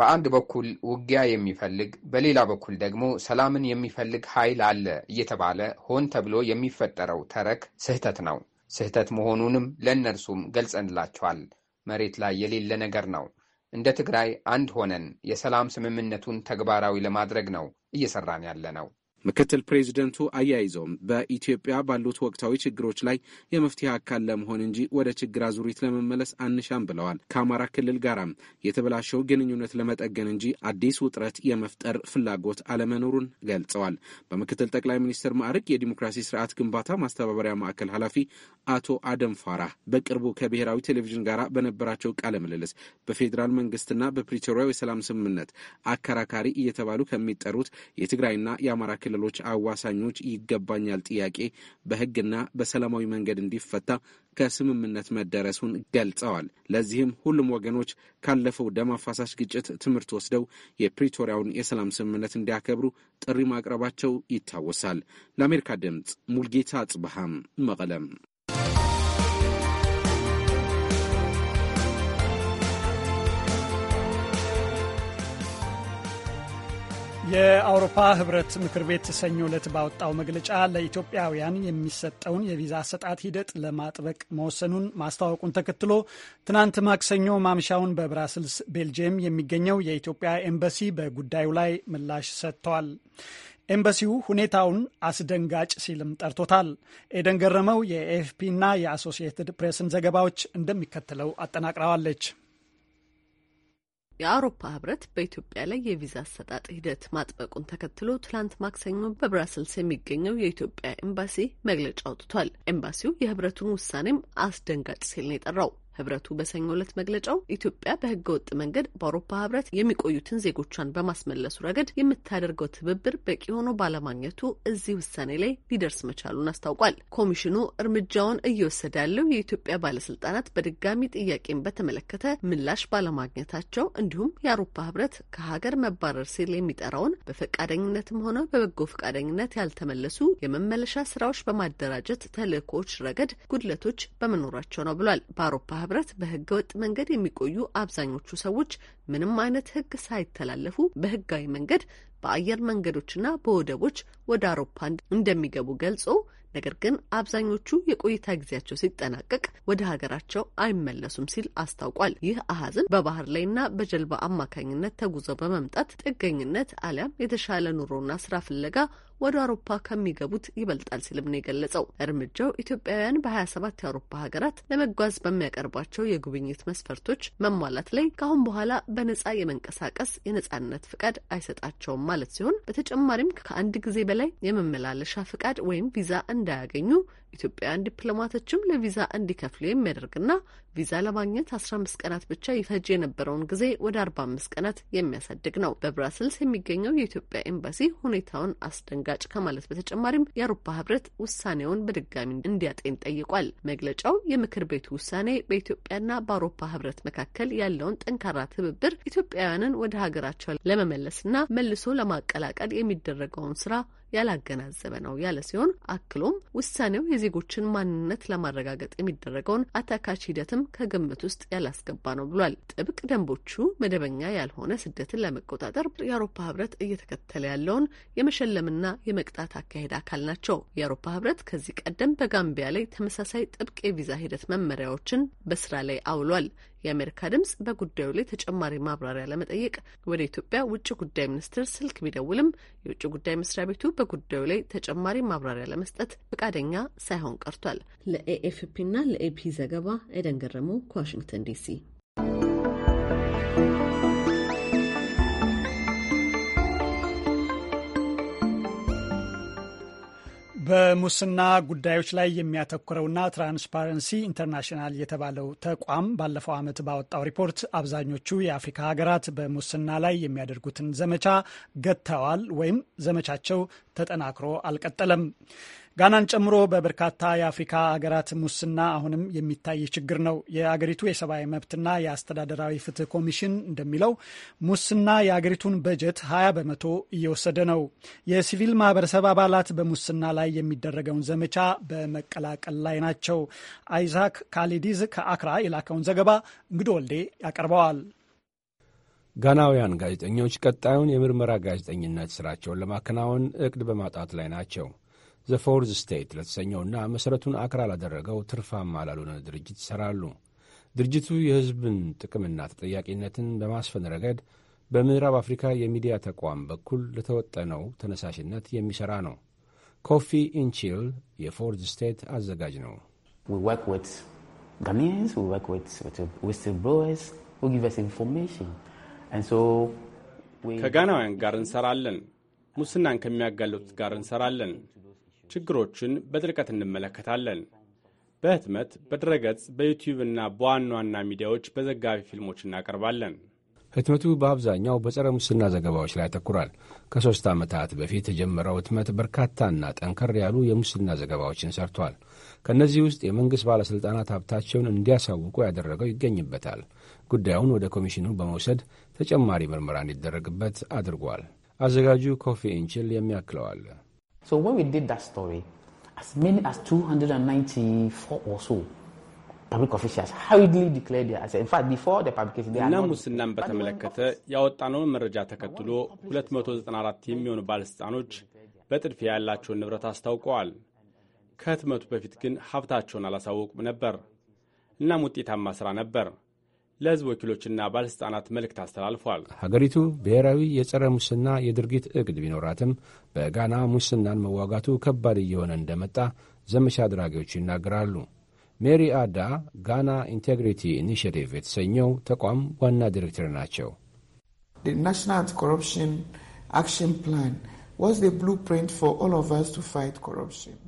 Speaker 7: በአንድ በኩል
Speaker 3: ውጊያ የሚፈልግ በሌላ በኩል ደግሞ ሰላምን የሚፈልግ ኃይል አለ እየተባለ ሆን ተብሎ የሚፈጠረው ተረክ ስህተት ነው። ስህተት መሆኑንም ለእነርሱም ገልጸንላቸዋል። መሬት ላይ የሌለ ነገር ነው። እንደ ትግራይ አንድ ሆነን የሰላም ስምምነቱን ተግባራዊ ለማድረግ ነው እየሰራን ያለ ነው።
Speaker 7: ምክትል ፕሬዚደንቱ አያይዘውም በኢትዮጵያ ባሉት ወቅታዊ ችግሮች ላይ የመፍትሄ አካል ለመሆን እንጂ ወደ ችግር አዙሪት ለመመለስ አንሻም ብለዋል። ከአማራ ክልል ጋራም የተበላሸው ግንኙነት ለመጠገን እንጂ አዲስ ውጥረት የመፍጠር ፍላጎት አለመኖሩን ገልጸዋል። በምክትል ጠቅላይ ሚኒስትር ማዕረግ የዲሞክራሲ ስርዓት ግንባታ ማስተባበሪያ ማዕከል ኃላፊ አቶ አደም ፋራህ በቅርቡ ከብሔራዊ ቴሌቪዥን ጋር በነበራቸው ቃለ ምልልስ በፌዴራል መንግስትና በፕሪቶሪያው የሰላም ስምምነት አከራካሪ እየተባሉ ከሚጠሩት የትግራይና የአማራ ክልል ክልሎች አዋሳኞች ይገባኛል ጥያቄ በህግና በሰላማዊ መንገድ እንዲፈታ ከስምምነት መደረሱን ገልጸዋል። ለዚህም ሁሉም ወገኖች ካለፈው ደም አፋሳሽ ግጭት ትምህርት ወስደው የፕሪቶሪያውን የሰላም ስምምነት እንዲያከብሩ ጥሪ ማቅረባቸው ይታወሳል። ለአሜሪካ ድምፅ ሙልጌታ አጽብሃም መቀለም
Speaker 1: የአውሮፓ ህብረት ምክር ቤት ሰኞ ዕለት ባወጣው መግለጫ ለኢትዮጵያውያን የሚሰጠውን የቪዛ አሰጣት ሂደት ለማጥበቅ መወሰኑን ማስታወቁን ተከትሎ ትናንት ማክሰኞ ማምሻውን በብራስልስ ቤልጅየም የሚገኘው የኢትዮጵያ ኤምባሲ በጉዳዩ ላይ ምላሽ ሰጥቷል። ኤምባሲው ሁኔታውን አስደንጋጭ ሲልም ጠርቶታል። ኤደን ገረመው የኤኤፍፒና የአሶሲየትድ ፕሬስን ዘገባዎች
Speaker 8: እንደሚከተለው አጠናቅረዋለች። የአውሮፓ ህብረት በኢትዮጵያ ላይ የቪዛ አሰጣጥ ሂደት ማጥበቁን ተከትሎ ትላንት ማክሰኞ በብራስልስ የሚገኘው የኢትዮጵያ ኤምባሲ መግለጫ አውጥቷል። ኤምባሲው የህብረቱን ውሳኔም አስደንጋጭ ሲል ነው የጠራው። ህብረቱ በሰኞ ዕለት መግለጫው ኢትዮጵያ በህገ ወጥ መንገድ በአውሮፓ ህብረት የሚቆዩትን ዜጎቿን በማስመለሱ ረገድ የምታደርገው ትብብር በቂ ሆኖ ባለማግኘቱ እዚህ ውሳኔ ላይ ሊደርስ መቻሉን አስታውቋል። ኮሚሽኑ እርምጃውን እየወሰደ ያለው የኢትዮጵያ ባለስልጣናት በድጋሚ ጥያቄን በተመለከተ ምላሽ ባለማግኘታቸው እንዲሁም የአውሮፓ ህብረት ከሀገር መባረር ሲል የሚጠራውን በፈቃደኝነትም ሆነ በበጎ ፈቃደኝነት ያልተመለሱ የመመለሻ ስራዎች በማደራጀት ተልእኮዎች ረገድ ጉድለቶች በመኖራቸው ነው ብሏል። በአውሮፓ ህብረት በህገ ወጥ መንገድ የሚቆዩ አብዛኞቹ ሰዎች ምንም አይነት ህግ ሳይተላለፉ በህጋዊ መንገድ በአየር መንገዶችና በወደቦች ወደ አውሮፓ እንደሚገቡ ገልጾ ነገር ግን አብዛኞቹ የቆይታ ጊዜያቸው ሲጠናቀቅ ወደ ሀገራቸው አይመለሱም ሲል አስታውቋል። ይህ አሀዝን በባህር ላይና በጀልባ አማካኝነት ተጉዘው በመምጣት ጥገኝነት አሊያም የተሻለ ኑሮና ስራ ፍለጋ ወደ አውሮፓ ከሚገቡት ይበልጣል ሲልም ነው የገለጸው። እርምጃው ኢትዮጵያውያን በ ሰባት የአውሮፓ ሀገራት ለመጓዝ በሚያቀርቧቸው የጉብኝት መስፈርቶች መሟላት ላይ ከአሁን በኋላ በነጻ የመንቀሳቀስ የነጻነት ፍቃድ አይሰጣቸውም ማለት ሲሆን በተጨማሪም ከአንድ ጊዜ በላይ የመመላለሻ ፍቃድ ወይም ቪዛ እንዳያገኙ ኢትዮጵያውያን ዲፕሎማቶችም ለቪዛ እንዲከፍሉ የሚያደርግና ቪዛ ለማግኘት አስራ አምስት ቀናት ብቻ ይፈጅ የነበረውን ጊዜ ወደ አርባ አምስት ቀናት የሚያሳድግ ነው። በብራስልስ የሚገኘው የኢትዮጵያ ኤምባሲ ሁኔታውን አስደንጋጭ ከማለት በተጨማሪም የአውሮፓ ህብረት ውሳኔውን በድጋሚ እንዲያጤን ጠይቋል። መግለጫው የምክር ቤቱ ውሳኔ በኢትዮጵያና በአውሮፓ ህብረት መካከል ያለውን ጠንካራ ትብብር ኢትዮጵያውያንን ወደ ሀገራቸው ለመመለስና መልሶ ለማቀላቀል የሚደረገውን ስራ ያላገናዘበ ነው ያለ ሲሆን አክሎም ውሳኔው የዜጎችን ማንነት ለማረጋገጥ የሚደረገውን አታካች ሂደትም ከግምት ውስጥ ያላስገባ ነው ብሏል። ጥብቅ ደንቦቹ መደበኛ ያልሆነ ስደትን ለመቆጣጠር የአውሮፓ ህብረት እየተከተለ ያለውን የመሸለምና የመቅጣት አካሄድ አካል ናቸው። የአውሮፓ ህብረት ከዚህ ቀደም በጋምቢያ ላይ ተመሳሳይ ጥብቅ የቪዛ ሂደት መመሪያዎችን በስራ ላይ አውሏል። የአሜሪካ ድምጽ በጉዳዩ ላይ ተጨማሪ ማብራሪያ ለመጠየቅ ወደ ኢትዮጵያ ውጭ ጉዳይ ሚኒስትር ስልክ ቢደውልም የውጭ ጉዳይ መስሪያ ቤቱ በጉዳዩ ላይ ተጨማሪ ማብራሪያ ለመስጠት ፈቃደኛ ሳይሆን ቀርቷል። ለኤኤፍፒና ለኤፒ ዘገባ ኤደን ገረመው ከዋሽንግተን ዲሲ
Speaker 1: በሙስና ጉዳዮች ላይ የሚያተኩረውና ትራንስፓረንሲ ኢንተርናሽናል የተባለው ተቋም ባለፈው ዓመት ባወጣው ሪፖርት አብዛኞቹ የአፍሪካ ሀገራት በሙስና ላይ የሚያደርጉትን ዘመቻ ገጥተዋል ወይም ዘመቻቸው ተጠናክሮ አልቀጠለም። ጋናን ጨምሮ በበርካታ የአፍሪካ ሀገራት ሙስና አሁንም የሚታይ ችግር ነው። የአገሪቱ የሰብአዊ መብትና የአስተዳደራዊ ፍትህ ኮሚሽን እንደሚለው ሙስና የአገሪቱን በጀት 20 በመቶ እየወሰደ ነው። የሲቪል ማህበረሰብ አባላት በሙስና ላይ የሚደረገውን ዘመቻ በመቀላቀል ላይ ናቸው። አይዛክ ካሊዲዝ ከአክራ የላከውን ዘገባ እንግዶ ወልዴ ያቀርበዋል።
Speaker 3: ጋናውያን ጋዜጠኞች ቀጣዩን የምርመራ ጋዜጠኝነት ስራቸውን ለማከናወን እቅድ በማጣት ላይ ናቸው። ዘ ፎርዝ ስቴት ለተሰኘውና መሠረቱን አክራ ላደረገው ትርፋማ ላልሆነ ድርጅት ይሠራሉ። ድርጅቱ የሕዝብን ጥቅምና ተጠያቂነትን በማስፈን ረገድ በምዕራብ አፍሪካ የሚዲያ ተቋም በኩል ለተወጠነው ተነሳሽነት የሚሠራ ነው። ኮፊ
Speaker 7: ኢንቺል የፎርዝ ስቴት አዘጋጅ ነው።
Speaker 9: ከጋናውያን ጋር እንሰራለን። ሙስናን ከሚያጋልጡት ጋር እንሰራለን። ችግሮችን በጥልቀት እንመለከታለን። በህትመት፣ በድረገጽ፣ በዩቲዩብ እና በዋና ዋና ሚዲያዎች በዘጋቢ ፊልሞች እናቀርባለን።
Speaker 3: ህትመቱ በአብዛኛው በጸረ ሙስና ዘገባዎች ላይ ያተኩራል። ከሦስት ዓመታት በፊት የጀመረው ህትመት በርካታና ጠንከር ያሉ የሙስና ዘገባዎችን ሰርቷል። ከእነዚህ ውስጥ የመንግሥት ባለሥልጣናት ሀብታቸውን እንዲያሳውቁ ያደረገው ይገኝበታል። ጉዳዩን ወደ ኮሚሽኑ በመውሰድ ተጨማሪ ምርመራ እንዲደረግበት አድርጓል። አዘጋጁ ኮፊ እንችል የሚያክለዋል። So when we did that story,
Speaker 7: as many as 294 or so public officials hurriedly declared their assets. In fact, before the publication, they እና ሙስናን
Speaker 9: በተመለከተ ያወጣነውን መረጃ ተከትሎ 294 የሚሆኑ ባለሥልጣኖች በጥድፊያ ያላቸውን ንብረት አስታውቀዋል። ከህትመቱ በፊት ግን ሀብታቸውን አላሳወቁም ነበር። እናም ውጤታማ ሥራ ነበር። ለህዝብ ወኪሎችና ባለሥልጣናት መልእክት አስተላልፏል።
Speaker 3: ሀገሪቱ ብሔራዊ የጸረ ሙስና የድርጊት እቅድ ቢኖራትም በጋና ሙስናን መዋጋቱ ከባድ እየሆነ እንደመጣ ዘመቻ አድራጊዎች ይናገራሉ። ሜሪ አዳ ጋና ኢንቴግሪቲ ኢኒሽቲቭ የተሰኘው ተቋም ዋና ዲሬክተር ናቸው። ናሽናል
Speaker 7: ኮረፕሽን አክሽን ፕላን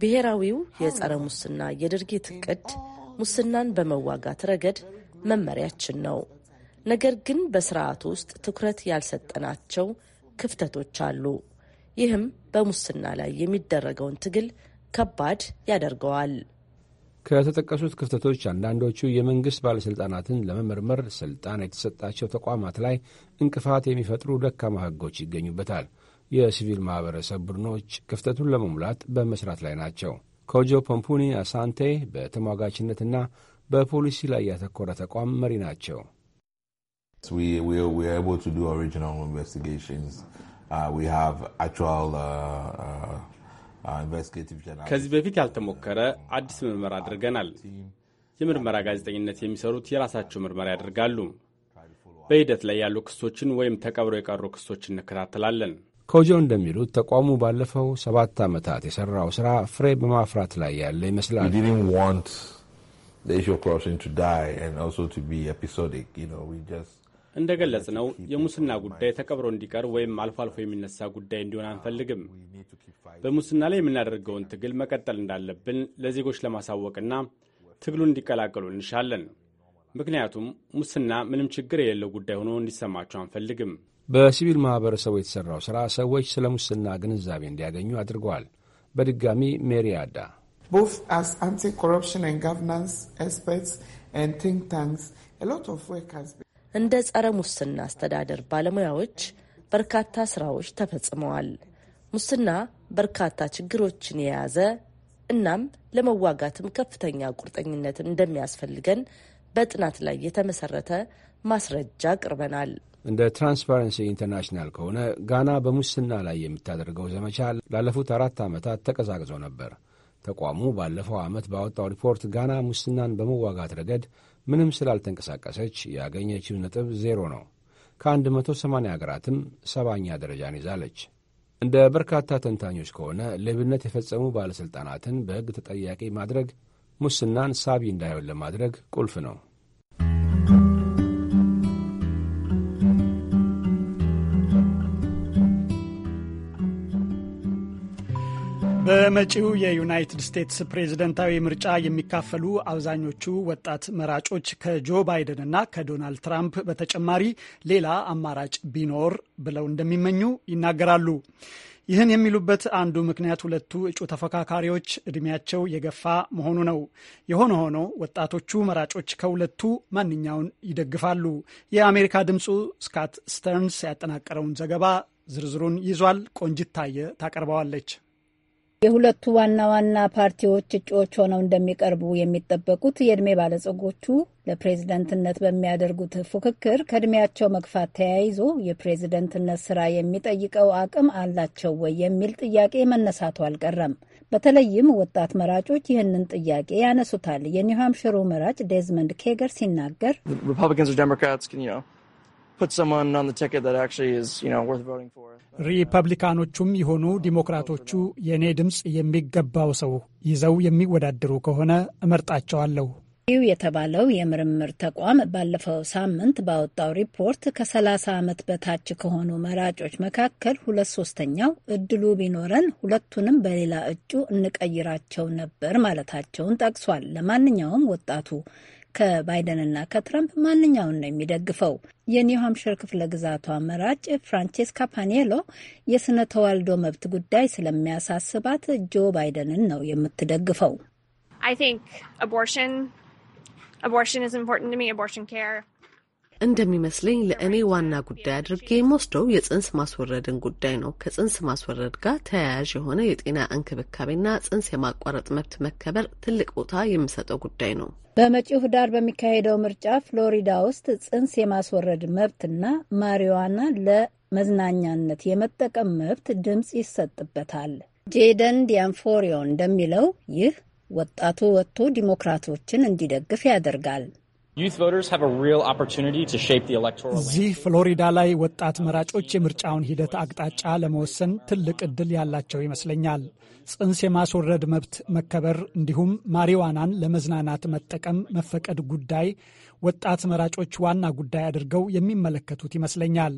Speaker 8: ብሔራዊው የጸረ ሙስና የድርጊት እቅድ ሙስናን በመዋጋት ረገድ መመሪያችን ነው። ነገር ግን በስርዓቱ ውስጥ ትኩረት ያልሰጠናቸው ክፍተቶች አሉ። ይህም በሙስና ላይ የሚደረገውን ትግል ከባድ ያደርገዋል።
Speaker 3: ከተጠቀሱት ክፍተቶች አንዳንዶቹ የመንግሥት ባለሥልጣናትን ለመመርመር ሥልጣን የተሰጣቸው ተቋማት ላይ እንቅፋት የሚፈጥሩ ደካማ ሕጎች ይገኙበታል። የሲቪል ማኅበረሰብ ቡድኖች ክፍተቱን ለመሙላት በመሥራት ላይ ናቸው። ኮጆ ፖምፑኒ አሳንቴ በተሟጋችነትና በፖሊሲ ላይ ያተኮረ ተቋም መሪ ናቸው።
Speaker 7: uh, uh, uh, ከዚህ
Speaker 9: በፊት ያልተሞከረ አዲስ ምርመራ አድርገናል። የምርመራ ጋዜጠኝነት የሚሰሩት የራሳቸው ምርመራ ያደርጋሉ። በሂደት ላይ ያሉ ክሶችን ወይም ተቀብረው የቀሩ ክሶችን እንከታተላለን።
Speaker 3: ከውጀው እንደሚሉት ተቋሙ ባለፈው ሰባት ዓመታት የሠራው ሥራ
Speaker 9: ፍሬ በማፍራት ላይ ያለ ይመስላል።
Speaker 7: the issue of corruption to die and also to be episodic. You know, we just
Speaker 9: እንደ ነው የሙስና ጉዳይ ተቀብሮ እንዲቀር ወይም አልፎ አልፎ የሚነሳ ጉዳይ እንዲሆን አንፈልግም። በሙስና ላይ የምናደርገውን ትግል መቀጠል እንዳለብን ለዜጎች ለማሳወቅና ትግሉን እንዲቀላቀሉ እንሻለን። ምክንያቱም ሙስና ምንም ችግር የሌለው ጉዳይ ሆኖ እንዲሰማቸው አንፈልግም።
Speaker 3: በሲቪል ማኅበረሰቡ የተሠራው ሥራ ሰዎች ስለ ሙስና ግንዛቤ እንዲያገኙ አድርገዋል። በድጋሚ
Speaker 8: ሜሪ አዳ both as anti-corruption and governance experts and think tanks, a lot
Speaker 7: of work has been
Speaker 8: እንደ ጸረ ሙስና አስተዳደር ባለሙያዎች በርካታ ስራዎች ተፈጽመዋል። ሙስና በርካታ ችግሮችን የያዘ እናም ለመዋጋትም ከፍተኛ ቁርጠኝነት እንደሚያስፈልገን በጥናት ላይ የተመሰረተ ማስረጃ አቅርበናል።
Speaker 3: እንደ ትራንስፓረንሲ ኢንተርናሽናል ከሆነ ጋና በሙስና ላይ የምታደርገው ዘመቻ ላለፉት አራት ዓመታት ተቀዛቅዞ ነበር። ተቋሙ ባለፈው ዓመት ባወጣው ሪፖርት ጋና ሙስናን በመዋጋት ረገድ ምንም ስላልተንቀሳቀሰች ያገኘችው ነጥብ ዜሮ ነው። ከ180 አገራትም ሰባኛ ደረጃን ይዛለች። እንደ በርካታ ተንታኞች ከሆነ ሌብነት የፈጸሙ ባለሥልጣናትን በሕግ ተጠያቂ ማድረግ ሙስናን ሳቢ እንዳይሆን ለማድረግ ቁልፍ ነው።
Speaker 1: በመጪው የዩናይትድ ስቴትስ ፕሬዝደንታዊ ምርጫ የሚካፈሉ አብዛኞቹ ወጣት መራጮች ከጆ ባይደን እና ከዶናልድ ትራምፕ በተጨማሪ ሌላ አማራጭ ቢኖር ብለው እንደሚመኙ ይናገራሉ። ይህን የሚሉበት አንዱ ምክንያት ሁለቱ እጩ ተፎካካሪዎች እድሜያቸው የገፋ መሆኑ ነው። የሆነ ሆኖ ወጣቶቹ መራጮች ከሁለቱ ማንኛውን ይደግፋሉ? የአሜሪካ ድምፁ ስካት ስተርንስ ያጠናቀረውን ዘገባ ዝርዝሩን ይዟል። ቆንጅት ታየ ታቀርበዋለች።
Speaker 10: የሁለቱ ዋና ዋና ፓርቲዎች እጩዎች ሆነው እንደሚቀርቡ የሚጠበቁት የእድሜ ባለጸጎቹ ለፕሬዝደንትነት በሚያደርጉት ፉክክር ከእድሜያቸው መግፋት ተያይዞ የፕሬዝደንትነት ስራ የሚጠይቀው አቅም አላቸው ወይ የሚል ጥያቄ መነሳቱ አልቀረም። በተለይም ወጣት መራጮች ይህንን ጥያቄ ያነሱታል። የኒውሃምሽሩ መራጭ ዴዝመንድ ኬገር ሲናገር
Speaker 1: ሪፐብሊካኖቹም ይሆኑ ዲሞክራቶቹ የእኔ ድምፅ የሚገባው ሰው ይዘው የሚወዳደሩ ከሆነ እመርጣቸዋለሁ።
Speaker 10: ይህ የተባለው የምርምር ተቋም ባለፈው ሳምንት ባወጣው ሪፖርት ከ30 ዓመት በታች ከሆኑ መራጮች መካከል ሁለት ሶስተኛው እድሉ ቢኖረን ሁለቱንም በሌላ እጩ እንቀይራቸው ነበር ማለታቸውን ጠቅሷል። ለማንኛውም ወጣቱ ከባይደንና ከትራምፕ ማንኛውን ነው የሚደግፈው? የኒው ሃምሽር ክፍለ ግዛቷ መራጭ ፍራንቼስካ ፓኔሎ የስነ ተዋልዶ መብት ጉዳይ ስለሚያሳስባት ጆ ባይደንን
Speaker 8: ነው የምትደግፈው። እንደሚመስለኝ ለእኔ ዋና ጉዳይ አድርጌ የምወስደው የጽንስ ማስወረድን ጉዳይ ነው። ከጽንስ ማስወረድ ጋር ተያያዥ የሆነ የጤና እንክብካቤና ጽንስ የማቋረጥ መብት መከበር ትልቅ ቦታ የምሰጠው ጉዳይ ነው።
Speaker 10: በመጪው ህዳር በሚካሄደው ምርጫ ፍሎሪዳ ውስጥ ጽንስ የማስወረድ መብትና ማሪዋና ለመዝናኛነት የመጠቀም መብት ድምፅ ይሰጥበታል። ጄደን ዲያንፎሪዮ እንደሚለው ይህ ወጣቱ ወጥቶ ዲሞክራቶችን እንዲደግፍ ያደርጋል።
Speaker 9: Youth voters have a real opportunity to shape the electoral
Speaker 1: ጽንስ የማስወረድ መብት መከበር እንዲሁም ማሪዋናን ለመዝናናት መጠቀም መፈቀድ ጉዳይ ወጣት መራጮች ዋና ጉዳይ አድርገው የሚመለከቱት ይመስለኛል።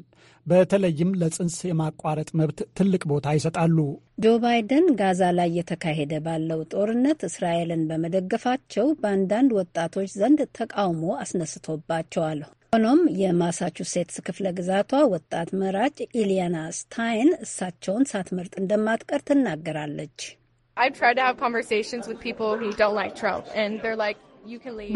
Speaker 1: በተለይም ለጽንስ የማቋረጥ መብት ትልቅ ቦታ ይሰጣሉ።
Speaker 10: ጆ ባይደን ጋዛ ላይ የተካሄደ ባለው ጦርነት እስራኤልን በመደገፋቸው በአንዳንድ ወጣቶች ዘንድ ተቃውሞ አስነስቶባቸዋል። ሆኖም የማሳቹሴትስ ክፍለ ግዛቷ ወጣት መራጭ ኢሊያና ስታይን እሳቸውን ሳትመርጥ እንደማትቀር ትናገራለች።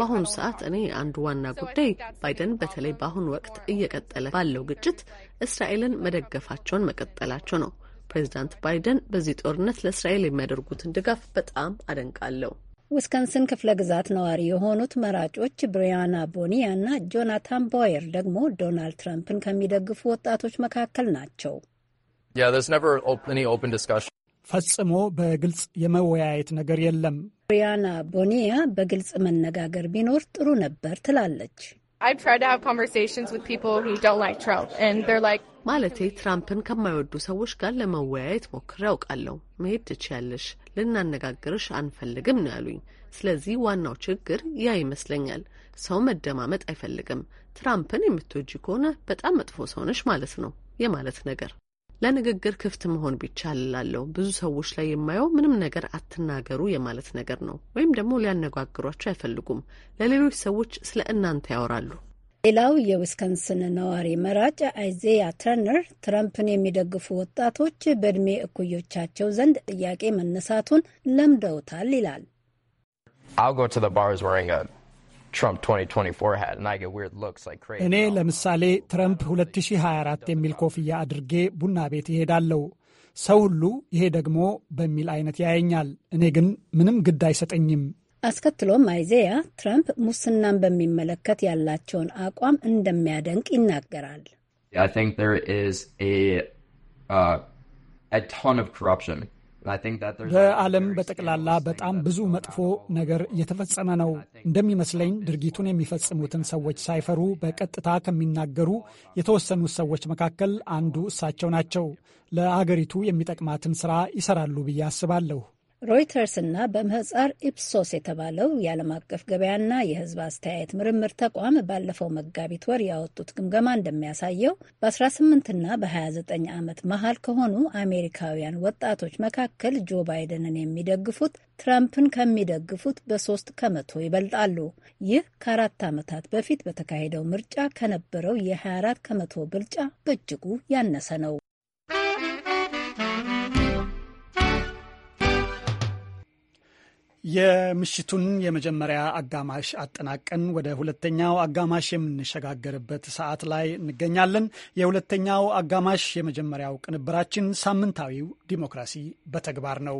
Speaker 4: በአሁኑ
Speaker 8: ሰዓት እኔ አንዱ ዋና ጉዳይ ባይደን በተለይ በአሁኑ ወቅት እየቀጠለ ባለው ግጭት እስራኤልን መደገፋቸውን መቀጠላቸው ነው። ፕሬዚዳንት ባይደን በዚህ ጦርነት ለእስራኤል የሚያደርጉትን ድጋፍ በጣም አደንቃለሁ።
Speaker 10: ዊስከንስን ክፍለ ግዛት ነዋሪ የሆኑት መራጮች ብሪያና ቦኒያ እና ጆናታን ቦየር ደግሞ ዶናልድ ትራምፕን ከሚደግፉ ወጣቶች መካከል ናቸው። ፈጽሞ
Speaker 1: በግልጽ የመወያየት
Speaker 10: ነገር የለም። ብሪያና ቦኒያ በግልጽ መነጋገር ቢኖር ጥሩ ነበር ትላለች።
Speaker 8: ማለቴ ትራምፕን ከማይወዱ ሰዎች ጋር ለመወያየት ሞክሬ አውቃለሁ። መሄድ ትችያለሽ፣ ልናነጋግርሽ አንፈልግም ነው ያሉኝ። ስለዚህ ዋናው ችግር ያ ይመስለኛል። ሰው መደማመጥ አይፈልግም። ትራምፕን የምትወጂ ከሆነ በጣም መጥፎ ሰውነሽ ማለት ነው የማለት ነገር ለንግግር ክፍት መሆን ብቻ ልላለው ብዙ ሰዎች ላይ የማየው ምንም ነገር አትናገሩ የማለት ነገር ነው። ወይም ደግሞ ሊያነጋግሯቸው አይፈልጉም። ለሌሎች ሰዎች ስለ እናንተ ያወራሉ።
Speaker 10: ሌላው የዊስከንስን ነዋሪ መራጭ አይዜያ ተርነር ትረምፕን የሚደግፉ ወጣቶች በእድሜ እኩዮቻቸው ዘንድ ጥያቄ መነሳቱን ለምደውታል ይላል።
Speaker 6: እኔ
Speaker 1: ለምሳሌ ትረምፕ 2024 የሚል ኮፍያ አድርጌ ቡና ቤት ይሄዳለሁ። ሰው ሁሉ ይሄ ደግሞ በሚል አይነት ያየኛል። እኔ ግን ምንም ግድ አይሰጠኝም።
Speaker 10: አስከትሎም አይዜያ ትራምፕ ሙስናን በሚመለከት ያላቸውን አቋም እንደሚያደንቅ ይናገራል።
Speaker 6: uh, በዓለም በጠቅላላ
Speaker 1: በጣም ብዙ መጥፎ ነገር እየተፈጸመ ነው። እንደሚመስለኝ ድርጊቱን የሚፈጽሙትን ሰዎች ሳይፈሩ በቀጥታ ከሚናገሩ የተወሰኑት ሰዎች መካከል አንዱ እሳቸው ናቸው። ለአገሪቱ የሚጠቅማትን ስራ ይሰራሉ ብዬ አስባለሁ።
Speaker 10: ሮይተርስና በምህጻር ኢፕሶስ የተባለው የዓለም አቀፍ ገበያና የሕዝብ አስተያየት ምርምር ተቋም ባለፈው መጋቢት ወር ያወጡት ግምገማ እንደሚያሳየው በ18ና በ29 ዓመት መሀል ከሆኑ አሜሪካውያን ወጣቶች መካከል ጆ ባይደንን የሚደግፉት ትራምፕን ከሚደግፉት በሶስት ከመቶ ይበልጣሉ። ይህ ከአራት ዓመታት በፊት በተካሄደው ምርጫ ከነበረው የ24 ከመቶ ብልጫ በእጅጉ ያነሰ ነው።
Speaker 1: የምሽቱን የመጀመሪያ አጋማሽ አጠናቀን ወደ ሁለተኛው አጋማሽ የምንሸጋገርበት ሰዓት ላይ እንገኛለን። የሁለተኛው አጋማሽ የመጀመሪያው ቅንብራችን ሳምንታዊው ዲሞክራሲ በተግባር ነው።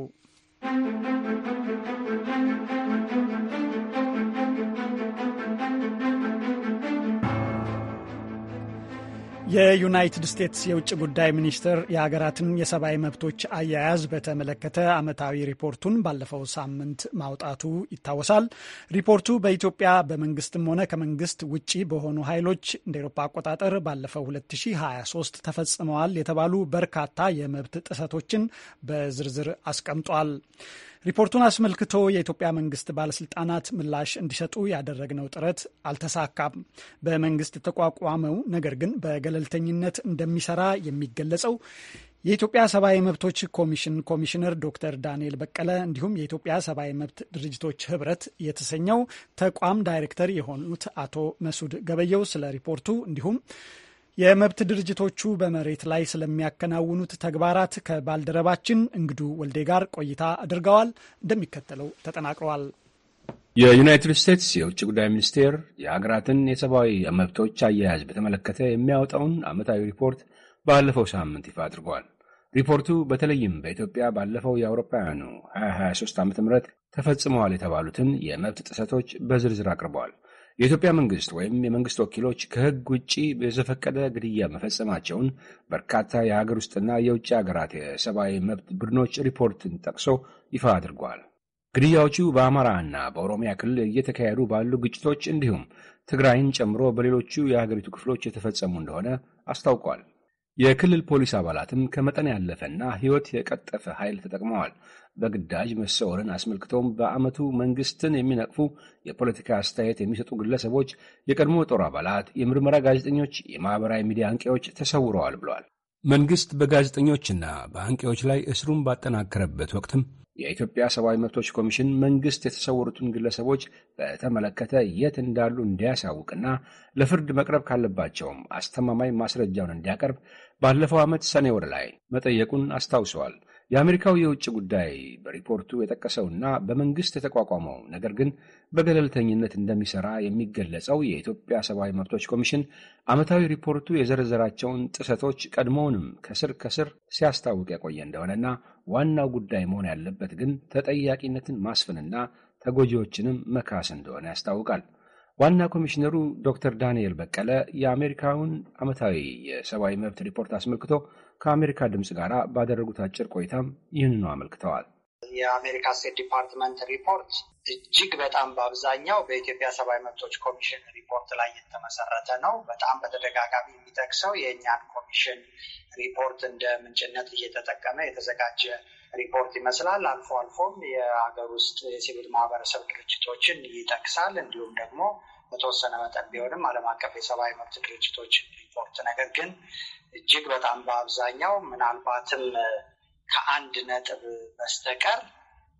Speaker 1: የዩናይትድ ስቴትስ የውጭ ጉዳይ ሚኒስትር የሀገራትን የሰብአዊ መብቶች አያያዝ በተመለከተ ዓመታዊ ሪፖርቱን ባለፈው ሳምንት ማውጣቱ ይታወሳል። ሪፖርቱ በኢትዮጵያ በመንግስትም ሆነ ከመንግስት ውጭ በሆኑ ኃይሎች እንደ ኤሮፓ አቆጣጠር ባለፈው 2023 ተፈጽመዋል የተባሉ በርካታ የመብት ጥሰቶችን በዝርዝር አስቀምጧል። ሪፖርቱን አስመልክቶ የኢትዮጵያ መንግስት ባለስልጣናት ምላሽ እንዲሰጡ ያደረግነው ጥረት አልተሳካም። በመንግስት የተቋቋመው ነገር ግን በገለልተኝነት እንደሚሰራ የሚገለጸው የኢትዮጵያ ሰብአዊ መብቶች ኮሚሽን ኮሚሽነር ዶክተር ዳንኤል በቀለ እንዲሁም የኢትዮጵያ ሰብአዊ መብት ድርጅቶች ህብረት የተሰኘው ተቋም ዳይሬክተር የሆኑት አቶ መሱድ ገበየው ስለ ሪፖርቱ እንዲሁም የመብት ድርጅቶቹ በመሬት ላይ ስለሚያከናውኑት ተግባራት ከባልደረባችን እንግዱ ወልዴ ጋር ቆይታ አድርገዋል። እንደሚከተለው ተጠናቅረዋል።
Speaker 3: የዩናይትድ ስቴትስ የውጭ ጉዳይ ሚኒስቴር የሀገራትን የሰብአዊ መብቶች አያያዝ በተመለከተ የሚያወጣውን ዓመታዊ ሪፖርት ባለፈው ሳምንት ይፋ አድርጓል። ሪፖርቱ በተለይም በኢትዮጵያ ባለፈው የአውሮፓውያኑ 2023 ዓ ም ተፈጽመዋል የተባሉትን የመብት ጥሰቶች በዝርዝር አቅርበዋል። የኢትዮጵያ መንግስት ወይም የመንግስት ወኪሎች ከህግ ውጭ የዘፈቀደ ግድያ መፈጸማቸውን በርካታ የሀገር ውስጥና የውጭ ሀገራት የሰብአዊ መብት ቡድኖች ሪፖርትን ጠቅሶ ይፋ አድርጓል። ግድያዎቹ በአማራ እና በኦሮሚያ ክልል እየተካሄዱ ባሉ ግጭቶች እንዲሁም ትግራይን ጨምሮ በሌሎቹ የሀገሪቱ ክፍሎች የተፈጸሙ እንደሆነ አስታውቋል። የክልል ፖሊስ አባላትም ከመጠን ያለፈና ህይወት የቀጠፈ ኃይል ተጠቅመዋል። በግዳጅ መሰወርን አስመልክቶም በዓመቱ መንግስትን የሚነቅፉ የፖለቲካ አስተያየት የሚሰጡ ግለሰቦች፣ የቀድሞ ጦር አባላት፣ የምርመራ ጋዜጠኞች፣ የማኅበራዊ ሚዲያ አንቂዎች ተሰውረዋል ብለዋል። መንግስት በጋዜጠኞችና በአንቂዎች ላይ እስሩን ባጠናከረበት ወቅትም የኢትዮጵያ ሰብአዊ መብቶች ኮሚሽን መንግስት የተሰወሩትን ግለሰቦች በተመለከተ የት እንዳሉ እንዲያሳውቅና ለፍርድ መቅረብ ካለባቸውም አስተማማኝ ማስረጃውን እንዲያቀርብ ባለፈው ዓመት ሰኔ ወር ላይ መጠየቁን አስታውሰዋል። የአሜሪካው የውጭ ጉዳይ በሪፖርቱ የጠቀሰውና በመንግስት የተቋቋመው ነገር ግን በገለልተኝነት እንደሚሰራ የሚገለጸው የኢትዮጵያ ሰብአዊ መብቶች ኮሚሽን ዓመታዊ ሪፖርቱ የዘረዘራቸውን ጥሰቶች ቀድሞውንም ከስር ከስር ሲያስታውቅ የቆየ እንደሆነና ዋናው ጉዳይ መሆን ያለበት ግን ተጠያቂነትን ማስፈንና ተጎጂዎችንም መካስ እንደሆነ ያስታውቃል። ዋና ኮሚሽነሩ ዶክተር ዳንኤል በቀለ የአሜሪካውን ዓመታዊ የሰብአዊ መብት ሪፖርት አስመልክቶ ከአሜሪካ ድምፅ ጋር ባደረጉት አጭር ቆይታም ይህንኑ አመልክተዋል።
Speaker 5: የአሜሪካ ስቴት ዲፓርትመንት ሪፖርት እጅግ በጣም በአብዛኛው በኢትዮጵያ ሰብአዊ መብቶች ኮሚሽን ሪፖርት ላይ የተመሰረተ ነው። በጣም በተደጋጋሚ የሚጠቅሰው የእኛን ኮሚሽን ሪፖርት እንደ ምንጭነት እየተጠቀመ የተዘጋጀ ሪፖርት ይመስላል። አልፎ አልፎም የሀገር ውስጥ የሲቪል ማህበረሰብ ድርጅቶችን ይጠቅሳል። እንዲሁም ደግሞ በተወሰነ መጠን ቢሆንም ዓለም አቀፍ የሰብአዊ መብት ድርጅቶችን ሪፖርት ነገር ግን እጅግ በጣም በአብዛኛው ምናልባትም ከአንድ ነጥብ በስተቀር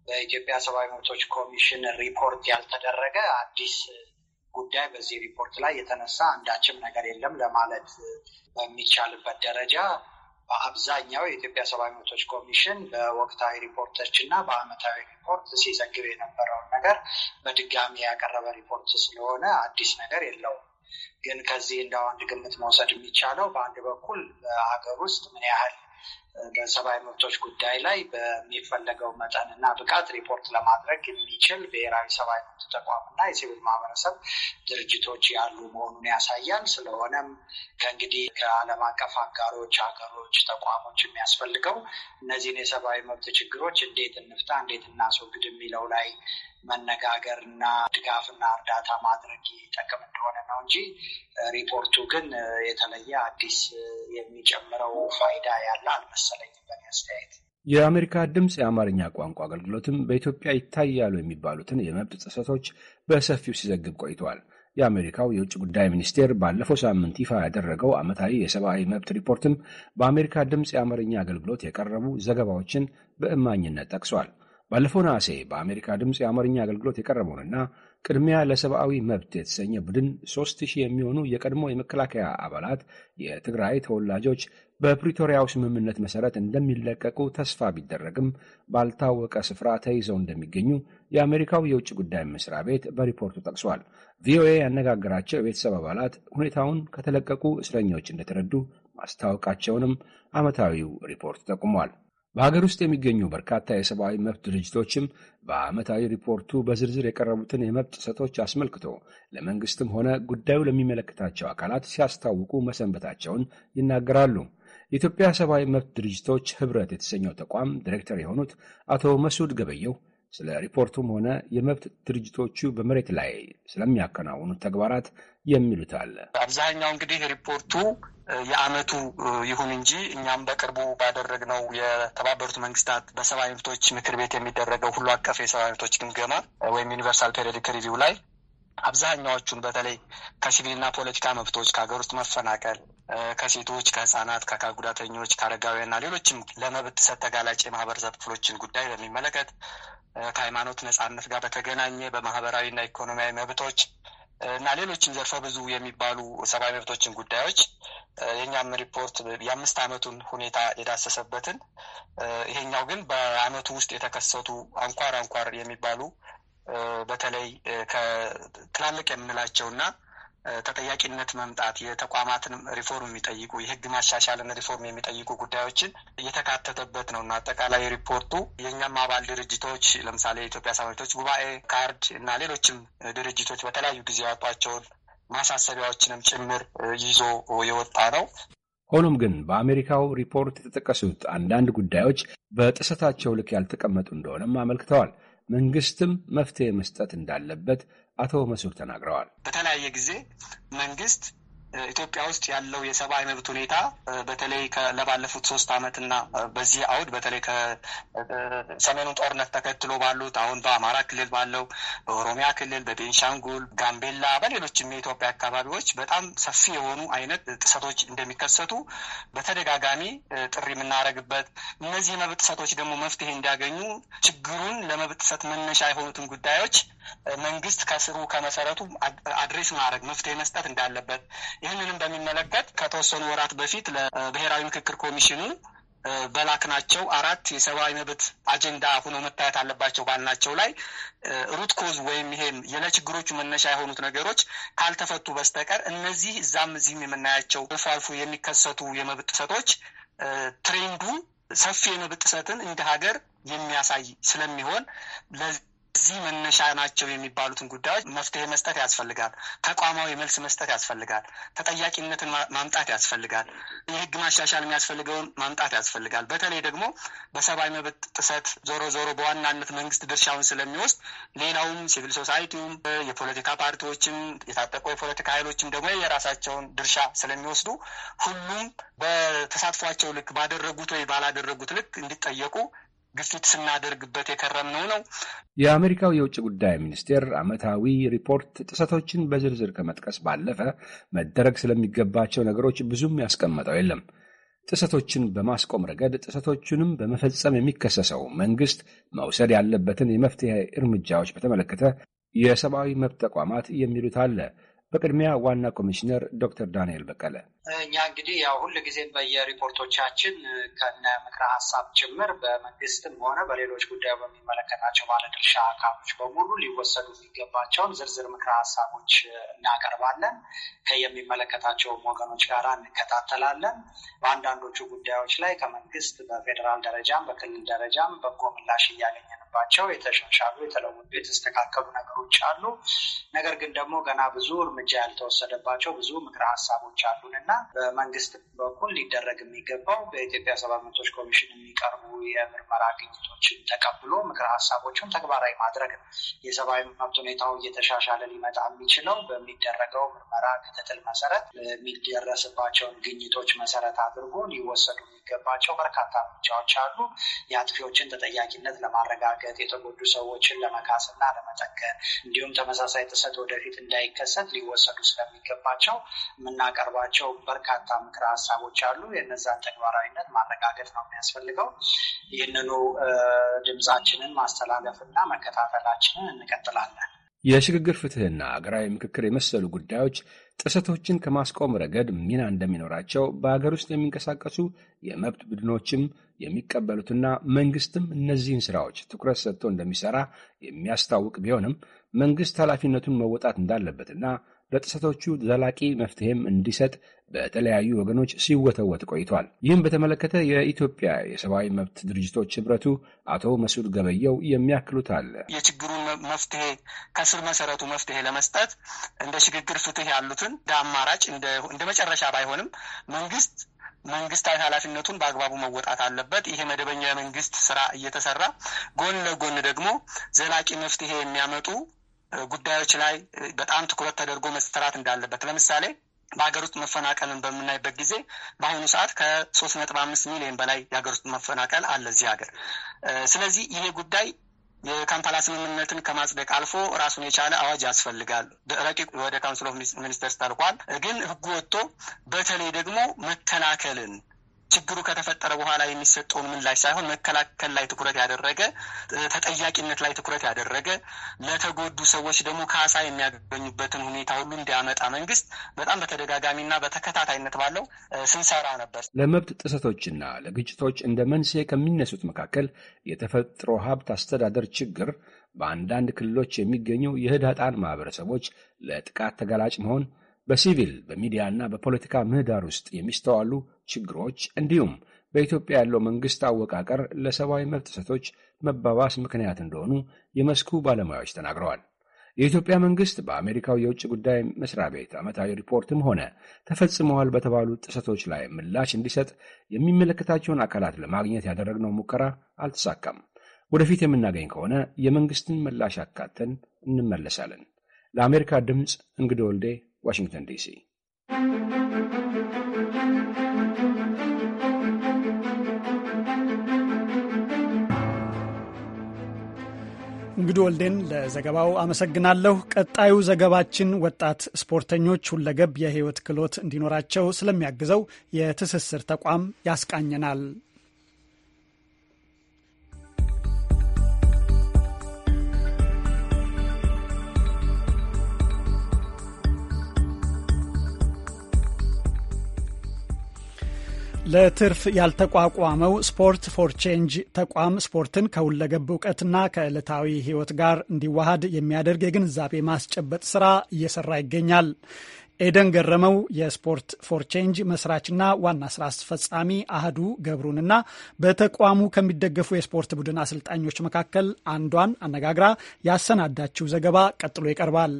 Speaker 5: በኢትዮጵያ ሰብአዊ መብቶች ኮሚሽን ሪፖርት ያልተደረገ አዲስ ጉዳይ በዚህ ሪፖርት ላይ የተነሳ አንዳችም ነገር የለም ለማለት በሚቻልበት ደረጃ በአብዛኛው የኢትዮጵያ ሰብአዊ መብቶች ኮሚሽን በወቅታዊ ሪፖርቶች እና በአመታዊ ሪፖርት ሲዘግብ የነበረውን ነገር በድጋሚ ያቀረበ ሪፖርት ስለሆነ አዲስ ነገር የለውም። ግን ከዚህ እንደው አንድ ግምት መውሰድ የሚቻለው በአንድ በኩል በሀገር ውስጥ ምን ያህል በሰብአዊ መብቶች ጉዳይ ላይ በሚፈለገው መጠንና ብቃት ሪፖርት ለማድረግ የሚችል ብሔራዊ ሰብአዊ መብት እና የሲቪል ማህበረሰብ ድርጅቶች ያሉ መሆኑን ያሳያል። ስለሆነም ከእንግዲህ ከዓለም አቀፍ አጋሮች፣ ሀገሮች፣ ተቋሞች የሚያስፈልገው እነዚህን የሰብአዊ መብት ችግሮች እንዴት እንፍታ፣ እንዴት እናስወግድ የሚለው ላይ መነጋገርና ድጋፍና እርዳታ ማድረግ ይጠቅም እንደሆነ ነው እንጂ ሪፖርቱ ግን የተለየ አዲስ የሚጨምረው ፋይዳ ያለ አልመሰለኝም። መሰለኝ በእኔ
Speaker 3: አስተያየት። የአሜሪካ ድምፅ የአማርኛ ቋንቋ አገልግሎትም በኢትዮጵያ ይታያሉ የሚባሉትን የመብት ጥሰቶች በሰፊው ሲዘግብ ቆይተዋል። የአሜሪካው የውጭ ጉዳይ ሚኒስቴር ባለፈው ሳምንት ይፋ ያደረገው ዓመታዊ የሰብአዊ መብት ሪፖርትም በአሜሪካ ድምፅ የአማርኛ አገልግሎት የቀረቡ ዘገባዎችን በእማኝነት ጠቅሷል። ባለፈው ነሐሴ በአሜሪካ ድምፅ የአማርኛ አገልግሎት የቀረበውንና ቅድሚያ ለሰብአዊ መብት የተሰኘ ቡድን ሦስት ሺህ የሚሆኑ የቀድሞ የመከላከያ አባላት የትግራይ ተወላጆች በፕሪቶሪያው ስምምነት መሰረት እንደሚለቀቁ ተስፋ ቢደረግም ባልታወቀ ስፍራ ተይዘው እንደሚገኙ የአሜሪካው የውጭ ጉዳይ መስሪያ ቤት በሪፖርቱ ጠቅሷል። ቪኦኤ ያነጋገራቸው የቤተሰብ አባላት ሁኔታውን ከተለቀቁ እስረኞች እንደተረዱ ማስታወቃቸውንም ዓመታዊው ሪፖርት ጠቁሟል። በሀገር ውስጥ የሚገኙ በርካታ የሰብአዊ መብት ድርጅቶችም በዓመታዊ ሪፖርቱ በዝርዝር የቀረቡትን የመብት ጥሰቶች አስመልክቶ ለመንግስትም ሆነ ጉዳዩ ለሚመለከታቸው አካላት ሲያስታውቁ መሰንበታቸውን ይናገራሉ። የኢትዮጵያ ሰብአዊ መብት ድርጅቶች ኅብረት የተሰኘው ተቋም ዲሬክተር የሆኑት አቶ መስዑድ ገበየው ስለ ሪፖርቱም ሆነ የመብት ድርጅቶቹ በመሬት ላይ ስለሚያከናውኑት ተግባራት የሚሉት አለ።
Speaker 11: አብዛኛው እንግዲህ ሪፖርቱ የአመቱ ይሁን እንጂ እኛም በቅርቡ ባደረግነው የተባበሩት መንግስታት በሰብአዊ መብቶች ምክር ቤት የሚደረገው ሁሉ አቀፍ የሰብአዊ መብቶች ግምገማ ወይም ዩኒቨርሳል ፔሪዲክ ሪቪው ላይ አብዛኛዎቹን በተለይ ከሲቪልና ፖለቲካ መብቶች፣ ከሀገር ውስጥ መፈናቀል፣ ከሴቶች፣ ከህጻናት፣ ከአካል ጉዳተኞች፣ ከአረጋውያንና ሌሎችም ለመብት ጥሰት ተጋላጭ የማህበረሰብ ክፍሎችን ጉዳይ በሚመለከት ከሃይማኖት ነጻነት ጋር በተገናኘ በማህበራዊና ኢኮኖሚያዊ መብቶች እና ሌሎችም ዘርፈ ብዙ የሚባሉ ሰብአዊ መብቶችን ጉዳዮች የእኛም ሪፖርት የአምስት ዓመቱን ሁኔታ የዳሰሰበትን ይሄኛው ግን በዓመቱ ውስጥ የተከሰቱ አንኳር አንኳር የሚባሉ በተለይ ከትላልቅ የምንላቸውና ተጠያቂነት መምጣት የተቋማትን ሪፎርም የሚጠይቁ የህግ ማሻሻልን ሪፎርም የሚጠይቁ ጉዳዮችን እየተካተተበት ነው እና አጠቃላይ ሪፖርቱ የእኛም አባል ድርጅቶች ለምሳሌ የኢትዮጵያ ሰራዊቶች ጉባኤ ካርድ እና ሌሎችም ድርጅቶች በተለያዩ ጊዜ ያወጧቸውን ማሳሰቢያዎችንም ጭምር ይዞ የወጣ ነው።
Speaker 3: ሆኖም ግን በአሜሪካው ሪፖርት የተጠቀሱት አንዳንድ ጉዳዮች በጥሰታቸው ልክ ያልተቀመጡ እንደሆነም አመልክተዋል። መንግስትም መፍትሄ መስጠት እንዳለበት አቶ መስሁብ ተናግረዋል። በተለያየ
Speaker 11: ጊዜ መንግስት ኢትዮጵያ ውስጥ ያለው የሰብአዊ መብት ሁኔታ በተለይ ለባለፉት ሶስት ዓመትና በዚህ አውድ በተለይ ከሰሜኑ ጦርነት ተከትሎ ባሉት አሁን በአማራ ክልል ባለው፣ በኦሮሚያ ክልል፣ በቤንሻንጉል፣ ጋምቤላ፣ በሌሎችም የኢትዮጵያ አካባቢዎች በጣም ሰፊ የሆኑ አይነት ጥሰቶች እንደሚከሰቱ በተደጋጋሚ ጥሪ የምናደርግበት እነዚህ መብት ጥሰቶች ደግሞ መፍትሄ እንዲያገኙ ችግሩን ለመብት ጥሰት መነሻ የሆኑትን ጉዳዮች መንግስት ከስሩ ከመሰረቱ አድሬስ ማድረግ መፍትሄ መስጠት እንዳለበት ይህንንም በሚመለከት ከተወሰኑ ወራት በፊት ለብሔራዊ ምክክር ኮሚሽኑ በላክናቸው አራት የሰብአዊ መብት አጀንዳ ሆኖ መታየት አለባቸው ባልናቸው ላይ ሩት ኮዝ ወይም ይሄን የለችግሮቹ መነሻ የሆኑት ነገሮች ካልተፈቱ በስተቀር እነዚህ እዛም እዚህም የምናያቸው አልፎ አልፎ የሚከሰቱ የመብት ጥሰቶች ትሬንዱ ሰፊ የመብት ጥሰትን እንደ ሀገር የሚያሳይ ስለሚሆን እዚህ መነሻ ናቸው የሚባሉትን ጉዳዮች መፍትሄ መስጠት ያስፈልጋል። ተቋማዊ መልስ መስጠት ያስፈልጋል። ተጠያቂነትን ማምጣት ያስፈልጋል። የህግ ማሻሻል የሚያስፈልገውን ማምጣት ያስፈልጋል። በተለይ ደግሞ በሰብአዊ መብት ጥሰት ዞሮ ዞሮ በዋናነት መንግስት ድርሻውን ስለሚወስድ ሌላውም ሲቪል ሶሳይቲውም፣ የፖለቲካ ፓርቲዎችም፣ የታጠቁ የፖለቲካ ኃይሎችም ደግሞ የራሳቸውን ድርሻ ስለሚወስዱ ሁሉም በተሳትፏቸው ልክ ባደረጉት ወይ ባላደረጉት ልክ እንዲጠየቁ ግፊት ስናደርግበት የከረምነው ነው።
Speaker 3: የአሜሪካው የውጭ ጉዳይ ሚኒስቴር ዓመታዊ ሪፖርት ጥሰቶችን በዝርዝር ከመጥቀስ ባለፈ መደረግ ስለሚገባቸው ነገሮች ብዙም ያስቀመጠው የለም። ጥሰቶችን በማስቆም ረገድ ጥሰቶቹንም በመፈጸም የሚከሰሰው መንግስት መውሰድ ያለበትን የመፍትሄ እርምጃዎች በተመለከተ የሰብአዊ መብት ተቋማት የሚሉት አለ። በቅድሚያ ዋና ኮሚሽነር ዶክተር ዳንኤል በቀለ
Speaker 5: እኛ እንግዲህ ያው ሁል ጊዜም በየሪፖርቶቻችን ከነ ምክረ ሀሳብ ጭምር በመንግስትም ሆነ በሌሎች ጉዳዩ በሚመለከታቸው ባለድርሻ አካሎች በሙሉ ሊወሰዱ የሚገባቸውን ዝርዝር ምክረ ሀሳቦች እናቀርባለን። ከየሚመለከታቸውም ወገኖች ጋር እንከታተላለን። በአንዳንዶቹ ጉዳዮች ላይ ከመንግስት በፌዴራል ደረጃም በክልል ደረጃም በጎ ምላሽ እያገኘ ያለባቸው የተሻሻሉ፣ የተለወጡ፣ የተስተካከሉ ነገሮች አሉ። ነገር ግን ደግሞ ገና ብዙ እርምጃ ያልተወሰደባቸው ብዙ ምክረ ሀሳቦች አሉን እና በመንግስት በኩል ሊደረግ የሚገባው በኢትዮጵያ ሰብአዊ መብቶች ኮሚሽን የሚቀርቡ የምርመራ ግኝቶችን ተቀብሎ ምክረ ሀሳቦችን ተግባራዊ ማድረግ ነው። የሰብአዊ መብት ሁኔታው እየተሻሻለ ሊመጣ የሚችለው በሚደረገው ምርመራ ክትትል መሰረት የሚደረስባቸውን ግኝቶች መሰረት አድርጎ ሊወሰዱ የሚገባቸው በርካታ እርምጃዎች አሉ። የአጥፊዎችን ተጠያቂነት ለማረጋገጥ ለማረጋገጥ የተጎዱ ሰዎችን ለመካስና ለመጠገን እንዲሁም ተመሳሳይ ጥሰት ወደፊት እንዳይከሰት ሊወሰዱ ስለሚገባቸው የምናቀርባቸው በርካታ ምክረ ሀሳቦች አሉ። የነዛን ተግባራዊነት ማረጋገጥ ነው የሚያስፈልገው። ይህንኑ ድምፃችንን ማስተላለፍና መከታተላችንን እንቀጥላለን።
Speaker 3: የሽግግር ፍትህና አገራዊ ምክክር የመሰሉ ጉዳዮች ጥሰቶችን ከማስቆም ረገድ ሚና እንደሚኖራቸው በአገር ውስጥ የሚንቀሳቀሱ የመብት ቡድኖችም የሚቀበሉትና መንግስትም እነዚህን ስራዎች ትኩረት ሰጥቶ እንደሚሰራ የሚያስታውቅ ቢሆንም መንግስት ኃላፊነቱን መወጣት እንዳለበትና ለጥሰቶቹ ዘላቂ መፍትሄም እንዲሰጥ በተለያዩ ወገኖች ሲወተወት ቆይቷል። ይህም በተመለከተ የኢትዮጵያ የሰብአዊ መብት ድርጅቶች ህብረቱ አቶ መስዑድ ገበየው የሚያክሉት አለ።
Speaker 11: የችግሩን መፍትሄ ከስር መሰረቱ መፍትሄ ለመስጠት እንደ ሽግግር ፍትህ ያሉትን እንደ አማራጭ እንደ መጨረሻ ባይሆንም መንግስት መንግስታዊ ኃላፊነቱን በአግባቡ መወጣት አለበት። ይሄ መደበኛ የመንግስት ስራ እየተሰራ ጎን ለጎን ደግሞ ዘላቂ መፍትሄ የሚያመጡ ጉዳዮች ላይ በጣም ትኩረት ተደርጎ መሰራት እንዳለበት ለምሳሌ በሀገር ውስጥ መፈናቀልን በምናይበት ጊዜ በአሁኑ ሰዓት ከሶስት ነጥብ አምስት ሚሊዮን በላይ የሀገር ውስጥ መፈናቀል አለ እዚህ ሀገር። ስለዚህ ይሄ ጉዳይ የካምፓላ ስምምነትን ከማጽደቅ አልፎ ራሱን የቻለ አዋጅ ያስፈልጋል። ረቂቅ ወደ ካውንስል ኦፍ ሚኒስተርስ ተልኳል። ግን ህጉ ወጥቶ በተለይ ደግሞ መከላከልን ችግሩ ከተፈጠረ በኋላ የሚሰጠውን ምላሽ ሳይሆን መከላከል ላይ ትኩረት ያደረገ፣ ተጠያቂነት ላይ ትኩረት ያደረገ፣ ለተጎዱ ሰዎች ደግሞ ካሳ የሚያገኙበትን ሁኔታ ሁሉ እንዲያመጣ መንግስት በጣም በተደጋጋሚና በተከታታይነት ባለው ስንሰራ ነበር።
Speaker 3: ለመብት ጥሰቶችና ለግጭቶች እንደ መንስኤ ከሚነሱት መካከል የተፈጥሮ ሀብት አስተዳደር ችግር፣ በአንዳንድ ክልሎች የሚገኙ የህዳጣን ማህበረሰቦች ለጥቃት ተጋላጭ መሆን በሲቪል በሚዲያና በፖለቲካ ምህዳር ውስጥ የሚስተዋሉ ችግሮች እንዲሁም በኢትዮጵያ ያለው መንግስት አወቃቀር ለሰብአዊ መብት ጥሰቶች መባባስ ምክንያት እንደሆኑ የመስኩ ባለሙያዎች ተናግረዋል። የኢትዮጵያ መንግስት በአሜሪካው የውጭ ጉዳይ መስሪያ ቤት ዓመታዊ ሪፖርትም ሆነ ተፈጽመዋል በተባሉ ጥሰቶች ላይ ምላሽ እንዲሰጥ የሚመለከታቸውን አካላት ለማግኘት ያደረግነው ሙከራ አልተሳካም። ወደፊት የምናገኝ ከሆነ የመንግስትን ምላሽ አካተን እንመለሳለን። ለአሜሪካ ድምፅ እንግዲህ ወልዴ ዋሽንግተን ዲሲ።
Speaker 1: እንግዲህ ወልዴን ለዘገባው አመሰግናለሁ። ቀጣዩ ዘገባችን ወጣት ስፖርተኞች ሁለገብ የህይወት ክህሎት እንዲኖራቸው ስለሚያግዘው የትስስር ተቋም ያስቃኘናል። ለትርፍ ያልተቋቋመው ስፖርት ፎር ቼንጅ ተቋም ስፖርትን ከሁለገብ እውቀትና ከዕለታዊ ሕይወት ጋር እንዲዋሃድ የሚያደርግ የግንዛቤ ማስጨበጥ ስራ እየሰራ ይገኛል። ኤደን ገረመው የስፖርት ፎር ቼንጅ መስራችና ዋና ስራ አስፈጻሚ አህዱ ገብሩንና በተቋሙ ከሚደገፉ የስፖርት ቡድን አሰልጣኞች መካከል አንዷን አነጋግራ
Speaker 8: ያሰናዳችው ዘገባ ቀጥሎ ይቀርባል።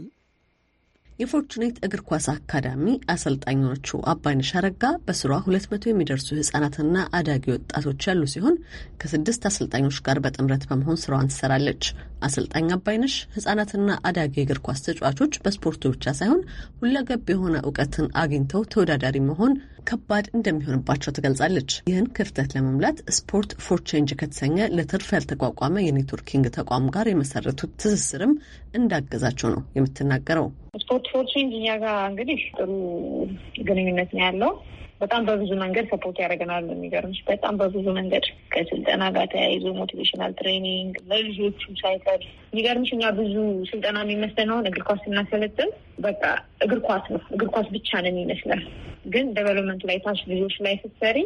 Speaker 8: የፎርቹኔት እግር ኳስ አካዳሚ አሰልጣኞቹ አባይነሽ አረጋ በስሯ ሁለት መቶ የሚደርሱ ህጻናትና አዳጊ ወጣቶች ያሉ ሲሆን ከስድስት አሰልጣኞች ጋር በጥምረት በመሆን ስራዋን ትሰራለች። አሰልጣኝ አባይነሽ ህጻናትና አዳጊ እግር ኳስ ተጫዋቾች በስፖርቱ ብቻ ሳይሆን ሁለገብ የሆነ እውቀትን አግኝተው ተወዳዳሪ መሆን ከባድ እንደሚሆንባቸው ትገልጻለች። ይህን ክፍተት ለመሙላት ስፖርት ፎር ቼንጅ ከተሰኘ ለትርፍ ያልተቋቋመ የኔትወርኪንግ ተቋም ጋር የመሰረቱት ትስስርም እንዳገዛቸው ነው የምትናገረው።
Speaker 12: ስፖርት ፎር ቼንጅ እኛ ጋር እንግዲህ ጥሩ ግንኙነት ነው ያለው በጣም በብዙ መንገድ ሰፖርት ያደርገናል። የሚገርምሽ በጣም በብዙ መንገድ ከስልጠና ጋር ተያይዞ ሞቲቬሽናል ትሬኒንግ ለልጆቹ ሳይቀር የሚገርምሽ እኛ ብዙ ስልጠና የሚመስለን እግር ኳስ ስናሰለጥን በቃ እግር ኳስ ነው እግር ኳስ ብቻ ነው ይመስላል። ግን ዴቨሎፕመንት ላይ ታች ልጆች ላይ ስትሰሪ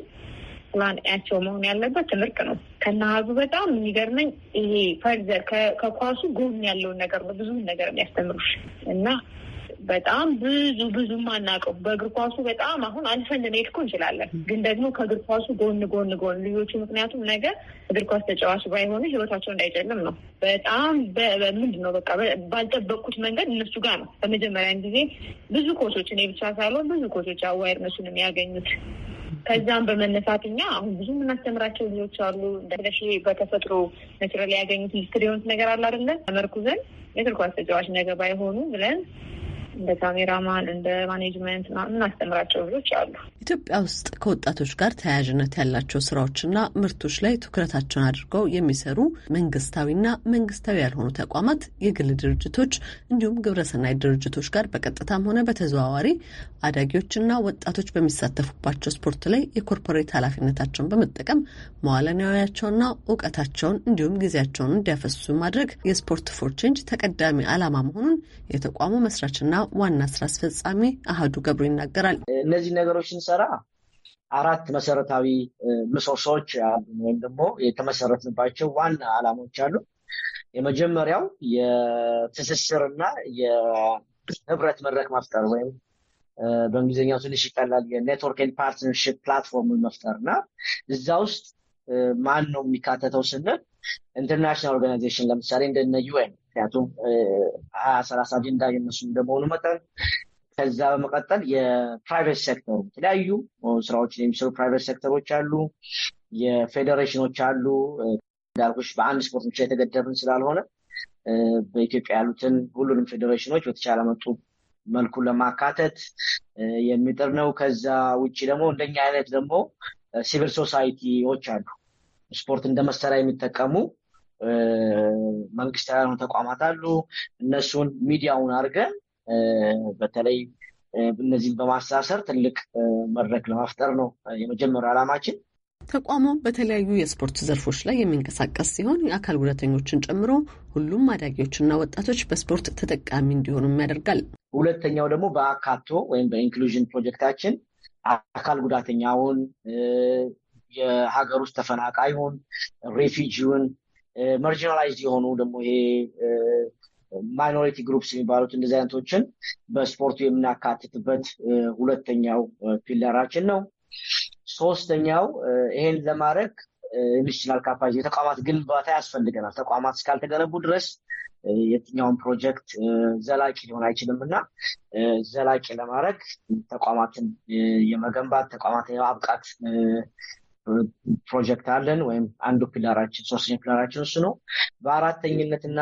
Speaker 12: ያቸው መሆን ያለበት ትምህርት ነው። ከነሀዙ በጣም የሚገርመኝ ይሄ ፈርዘር ከኳሱ ጎን ያለውን ነገር ነው ብዙ ነገር የሚያስተምሩሽ እና በጣም ብዙ ብዙ ማናቀው በእግር ኳሱ በጣም አሁን አልፈን ልንሄድ እኮ እንችላለን። ግን ደግሞ ከእግር ኳሱ ጎን ጎን ጎን ልጆቹ ምክንያቱም ነገ እግር ኳስ ተጫዋች ባይሆኑ ህይወታቸው እንዳይጨልም ነው። በጣም ምንድን ነው በቃ ባልጠበቅኩት መንገድ እነሱ ጋር ነው በመጀመሪያን ጊዜ ብዙ ኮሶች እኔ ብቻ ሳልሆን ብዙ ኮሶች አዋይር እነሱን የሚያገኙት ከዛም በመነሳት እኛ አሁን ብዙ የምናስተምራቸው ልጆች አሉ። እንደሽ በተፈጥሮ ነችራል ያገኙት ኢንዱስትሪ የሆኑት ነገር አለ አይደለ? ተመርኩዘን የእግር ኳስ ተጫዋች ነገ ባይሆኑ ብለን እንደ ካሜራማን እንደ ማኔጅመንት እናስተምራቸው ልጆች አሉ።
Speaker 8: ኢትዮጵያ ውስጥ ከወጣቶች ጋር ተያያዥነት ያላቸው ስራዎችና ምርቶች ላይ ትኩረታቸውን አድርገው የሚሰሩ መንግስታዊና መንግስታዊ ያልሆኑ ተቋማት፣ የግል ድርጅቶች እንዲሁም ግብረሰናይ ድርጅቶች ጋር በቀጥታም ሆነ በተዘዋዋሪ አዳጊዎችና ወጣቶች በሚሳተፉባቸው ስፖርት ላይ የኮርፖሬት ኃላፊነታቸውን በመጠቀም መዋለ ንዋያቸውንና እውቀታቸውን እንዲሁም ጊዜያቸውን እንዲያፈሱ ማድረግ የስፖርት ፎር ቼንጅ ተቀዳሚ ዓላማ መሆኑን የተቋሙ መስራችና ዋና ስራ አስፈጻሚ አህዱ
Speaker 13: ገብሩ ይናገራል። እነዚህ ነገሮች ስንሰራ አራት መሰረታዊ ምሰሶዎች አሉ፣ ወይም ደግሞ የተመሰረትንባቸው ዋና አላማዎች አሉ። የመጀመሪያው የትስስርና የህብረት መድረክ መፍጠር ወይም በእንግሊዝኛው ትንሽ ይቀላል የኔትወርክ ኤንድ ፓርትነርሽፕ ፕላትፎርምን መፍጠር እና እዛ ውስጥ ማን ነው የሚካተተው ስንል ኢንተርናሽናል ኦርጋናይዜሽን ለምሳሌ እንደነ ዩኤን ምክንያቱም ሀያ ሰላሳ አጀንዳ የነሱ እንደመሆኑ መጠን ከዛ በመቀጠል የፕራይቬት ሴክተሩ የተለያዩ ስራዎችን የሚሰሩ ፕራይቬት ሴክተሮች አሉ፣ የፌዴሬሽኖች አሉ። እንዳልኩሽ በአንድ ስፖርት ብቻ የተገደብን ስላልሆነ በኢትዮጵያ ያሉትን ሁሉንም ፌዴሬሽኖች በተቻለ መጡ መልኩ ለማካተት የሚጥር ነው። ከዛ ውጭ ደግሞ እንደኛ አይነት ደግሞ ሲቪል ሶሳይቲዎች አሉ። ስፖርት እንደ መሰሪያ የሚጠቀሙ መንግስት ያልሆኑ ተቋማት አሉ። እነሱን ሚዲያውን አድርገን በተለይ እነዚህን በማሳሰር ትልቅ መድረክ ለመፍጠር ነው የመጀመሪያ ዓላማችን። ተቋሙ
Speaker 8: በተለያዩ የስፖርት ዘርፎች ላይ የሚንቀሳቀስ ሲሆን የአካል ጉዳተኞችን ጨምሮ ሁሉም
Speaker 13: አዳጊዎችና ወጣቶች በስፖርት ተጠቃሚ እንዲሆኑም ያደርጋል። ሁለተኛው ደግሞ በአካቶ ወይም በኢንክሉዥን ፕሮጀክታችን አካል ጉዳተኛውን የሀገር ውስጥ ተፈናቃዩን ሬፊጂውን መርጂናላይዝድ የሆኑ ደግሞ ይሄ ማይኖሪቲ ግሩፕስ የሚባሉት እንደዚህ አይነቶችን በስፖርቱ የምናካትትበት ሁለተኛው ፒለራችን ነው። ሶስተኛው ይሄን ለማድረግ ኢንስቲቱሽናል ካፓሲቲ የተቋማት ግንባታ ያስፈልገናል። ተቋማት እስካልተገነቡ ድረስ የትኛውን ፕሮጀክት ዘላቂ ሊሆን አይችልም እና ዘላቂ ለማድረግ ተቋማትን የመገንባት ተቋማትን የማብቃት ፕሮጀክት አለን ወይም አንዱ ፒላራችን ሶስተኛ ፒላራችን እሱ ነው። በአራተኝነትና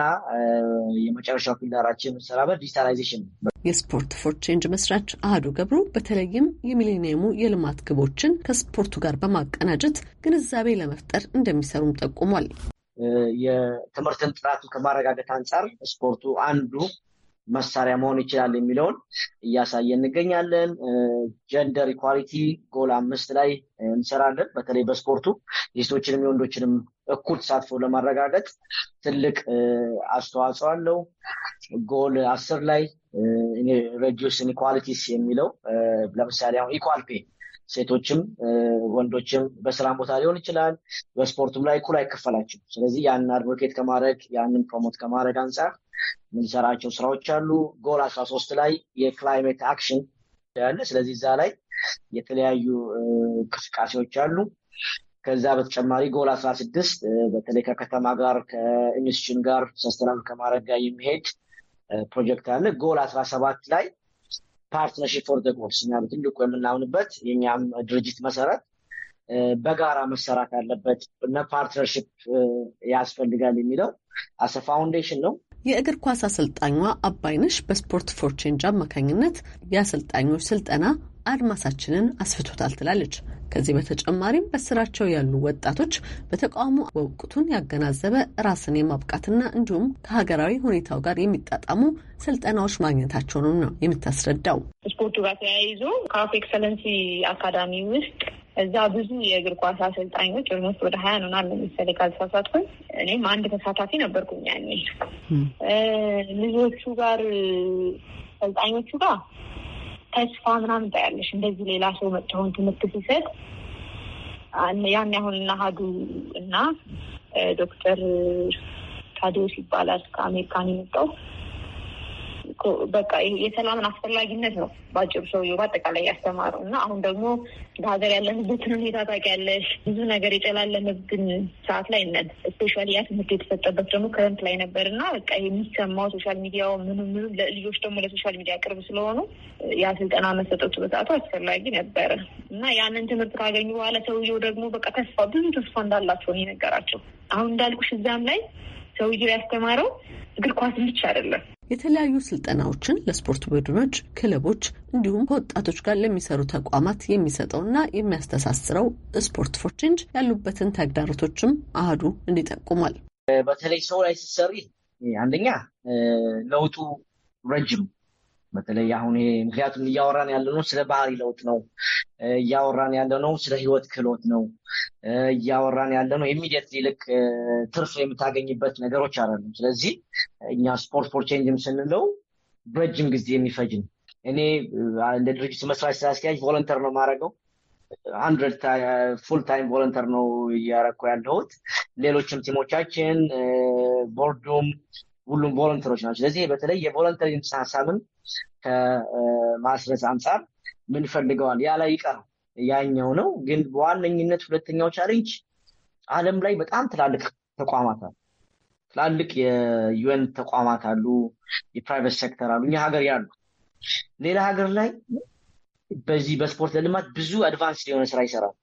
Speaker 13: የመጨረሻው ፒላራችን ስራ ዲጂታላይዜሽን ነው። የስፖርት ፎር ቼንጅ መስራች አህዱ
Speaker 8: ገብሩ በተለይም የሚሌኒየሙ የልማት ግቦችን ከስፖርቱ ጋር በማቀናጀት ግንዛቤ ለመፍጠር እንደሚሰሩም ጠቁሟል።
Speaker 13: የትምህርትን ጥራቱ ከማረጋገጥ አንጻር ስፖርቱ አንዱ መሳሪያ መሆን ይችላል የሚለውን እያሳየ እንገኛለን። ጀንደር ኢኳሊቲ ጎል አምስት ላይ እንሰራለን። በተለይ በስፖርቱ የሴቶችንም የወንዶችንም እኩል ተሳትፎ ለማረጋገጥ ትልቅ አስተዋጽኦ አለው። ጎል አስር ላይ ሬዲዩስ ኢንኢኳሊቲስ የሚለው ለምሳሌ አሁን ኢኳል ፔ ሴቶችም ወንዶችም በስራም ቦታ ሊሆን ይችላል፣ በስፖርቱም ላይ እኩል አይከፈላቸው። ስለዚህ ያንን አድቮኬት ከማድረግ ያንን ፕሮሞት ከማድረግ አንጻር የምንሰራቸው ስራዎች አሉ። ጎል አስራ ሶስት ላይ የክላይሜት አክሽን ያለ ስለዚህ እዛ ላይ የተለያዩ እንቅስቃሴዎች አሉ። ከዛ በተጨማሪ ጎል አስራ ስድስት በተለይ ከከተማ ጋር ከኢንስቲቱሽን ጋር ሰስተናም ከማድረግ ጋር የሚሄድ ፕሮጀክት አለ። ጎል አስራ ሰባት ላይ ፓርትነርሺፕ ፎር ዘ ጎልስ እኛ ትልቁ የምናምንበት የኛም ድርጅት መሰረት በጋራ መሰራት አለበት እና ፓርትነርሽፕ ያስፈልጋል የሚለው አሰ ፋውንዴሽን ነው
Speaker 8: የእግር ኳስ አሰልጣኟ አባይነሽ በስፖርት ፎር ቼንጅ አማካኝነት የአሰልጣኞች ስልጠና አድማሳችንን አስፍቶታል ትላለች። ከዚህ በተጨማሪም በስራቸው ያሉ ወጣቶች በተቃውሞ ወቅቱን ያገናዘበ ራስን የማብቃትና እንዲሁም ከሀገራዊ ሁኔታው ጋር የሚጣጣሙ ስልጠናዎች ማግኘታቸውንም ነው የምታስረዳው።
Speaker 12: ስፖርቱ ጋር ተያይዞ ካፍ ኤክሰለንሲ አካዳሚ ውስጥ እዛ ብዙ የእግር ኳስ አሰልጣኞች ኦልሞስት ወደ ሀያ ነው ነውና ለምሳሌ ካልተሳሳትኩኝ እኔም አንድ ተሳታፊ ነበርኩኝ። ያኔ ልጆቹ ጋር አሰልጣኞቹ ጋር ተስፋ ምናምን ታያለሽ። እንደዚህ ሌላ ሰው መጥተውን ትምህርት ሲሰጥ ያን ያሁን እና ሀዱ እና ዶክተር ታዲዮስ ይባላል ከአሜሪካን የመጣው በቃ የሰላምን አስፈላጊነት ነው በአጭሩ ሰውዬው በአጠቃላይ ያስተማረው እና አሁን ደግሞ በሀገር ያለንበትን ሁኔታ ታውቂያለሽ። ብዙ ነገር የጨላለመብን ሰዓት ላይ ነን። ስፔሻሊ ያ ትምህርት የተሰጠበት ደግሞ ክረምት ላይ ነበር እና በቃ የሚሰማው ሶሻል ሚዲያው ምኑ ምኑ ልጆች ደግሞ ለሶሻል ሚዲያ ቅርብ ስለሆኑ ያ ስልጠና መሰጠቱ በሰዓቱ አስፈላጊ ነበረ እና ያንን ትምህርት ካገኙ በኋላ ሰውየው ደግሞ በቃ ተስፋ ብዙ ተስፋ እንዳላቸው ነው የነገራቸው። አሁን እንዳልኩሽ እዛም ላይ ሰውዬው ያስተማረው እግር ኳስ ብቻ አይደለም። የተለያዩ ስልጠናዎችን ለስፖርት
Speaker 8: ቡድኖች፣ ክለቦች እንዲሁም ከወጣቶች ጋር ለሚሰሩ ተቋማት የሚሰጠውና የሚያስተሳስረው ስፖርት ፎር ቼንጅ ያሉበትን
Speaker 13: ተግዳሮቶችም አህዱ እንዲጠቁሟል። በተለይ ሰው ላይ ስትሰሪ አንደኛ ለውጡ ረጅም በተለይ አሁን ይሄ ምክንያቱም እያወራን ያለ ነው ስለ ባህሪ ለውጥ ነው፣ እያወራን ያለ ነው ስለ ህይወት ክህሎት ነው፣ እያወራን ያለ ነው ኢሚዲየት ይልቅ ትርፍ የምታገኝበት ነገሮች አይደሉም። ስለዚህ እኛ ስፖርት ፎር ቼንጅም ስንለው ረጅም ጊዜ የሚፈጅ ነው። እኔ እንደ ድርጅቱ መስራች ስራ አስኪያጅ ቮለንተር ነው የማደርገው። ሀንድረድ ፉል ታይም ቮለንተር ነው እያረኩ ያለሁት። ሌሎችም ቲሞቻችን ቦርዱም ሁሉም ቮለንተሮች ናቸው። ስለዚህ በተለይ የቮለንተሪ ሀሳብን ከማስረጽ አንጻር ምን ፈልገዋል ያ ላይ ይቀር ያኛው ነው። ግን በዋነኝነት ሁለተኛው ቻሌንጅ ዓለም ላይ በጣም ትላልቅ ተቋማት አሉ። ትላልቅ የዩኤን ተቋማት አሉ፣ የፕራይቬት ሴክተር አሉ፣ እኛ ሀገር ያሉ ሌላ ሀገር ላይ በዚህ በስፖርት ለልማት ብዙ አድቫንስ የሆነ ስራ ይሰራል።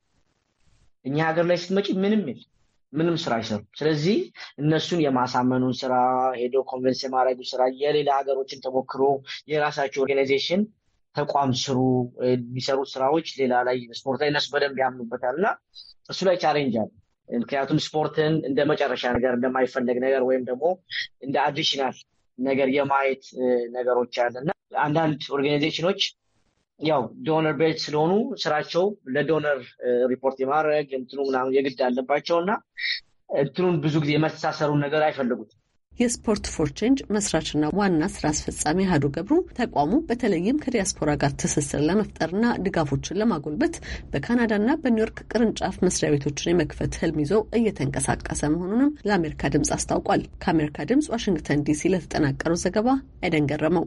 Speaker 13: እኛ ሀገር ላይ ስትመጪ ምንም የለም። ምንም ስራ አይሰሩም። ስለዚህ እነሱን የማሳመኑን ስራ ሄዶ ኮንቨንስ የማድረጉ ስራ የሌላ ሀገሮችን ተሞክሮ የራሳቸው ኦርጋናይዜሽን ተቋም ስሩ የሚሰሩ ስራዎች ሌላ ላይ ስፖርት ላይ እነሱ በደንብ ያምኑበታል እና እሱ ላይ ቻሌንጅ አለ። ምክንያቱም ስፖርትን እንደ መጨረሻ ነገር እንደማይፈለግ ነገር ወይም ደግሞ እንደ አዲሽናል ነገር የማየት ነገሮች አለ እና አንዳንድ ኦርጋናይዜሽኖች ያው ዶነር ቤት ስለሆኑ ስራቸው ለዶነር ሪፖርት የማድረግ እንትኑ ምናምን የግድ አለባቸው እና እንትኑን ብዙ ጊዜ የመተሳሰሩን ነገር አይፈልጉት የስፖርት ፎር
Speaker 8: ቼንጅ መስራችና ዋና ስራ አስፈጻሚ አህዱ ገብሩ ተቋሙ በተለይም ከዲያስፖራ ጋር ትስስር ለመፍጠርና ድጋፎችን ለማጎልበት በካናዳና በኒውዮርክ ቅርንጫፍ መስሪያ ቤቶችን የመክፈት ህልም ይዞ እየተንቀሳቀሰ መሆኑንም ለአሜሪካ ድምፅ አስታውቋል። ከአሜሪካ ድምፅ ዋሽንግተን ዲሲ ለተጠናቀረው ዘገባ አይደን ገረመው።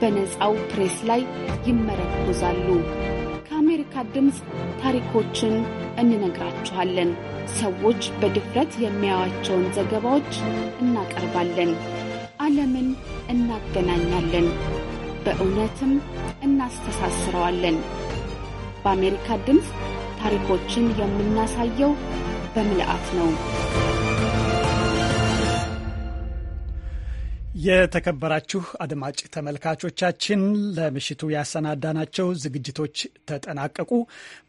Speaker 4: በነፃው ፕሬስ ላይ ይመረኮዛሉ። ከአሜሪካ ድምፅ ታሪኮችን እንነግራችኋለን። ሰዎች በድፍረት የሚያያቸውን ዘገባዎች እናቀርባለን። ዓለምን እናገናኛለን፣ በእውነትም እናስተሳስረዋለን። በአሜሪካ ድምፅ ታሪኮችን የምናሳየው በምልአት ነው።
Speaker 1: የተከበራችሁ አድማጭ ተመልካቾቻችን ለምሽቱ ያሰናዳናቸው ዝግጅቶች ተጠናቀቁ።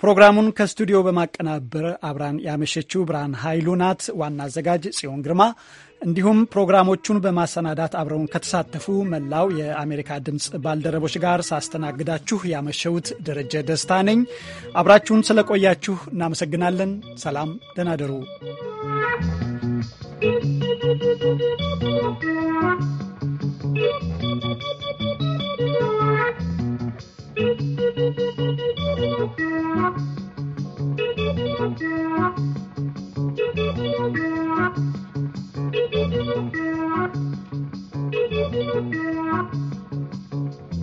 Speaker 1: ፕሮግራሙን ከስቱዲዮ በማቀናበር አብራን ያመሸችው ብርሃን ኃይሉ ናት። ዋና አዘጋጅ ጽዮን ግርማ፣ እንዲሁም ፕሮግራሞቹን በማሰናዳት አብረውን ከተሳተፉ መላው የአሜሪካ ድምፅ ባልደረቦች ጋር ሳስተናግዳችሁ ያመሸሁት ደረጀ ደስታ ነኝ። አብራችሁን ስለቆያችሁ እናመሰግናለን። ሰላም፣ ደህና ደሩ።
Speaker 12: Thank you.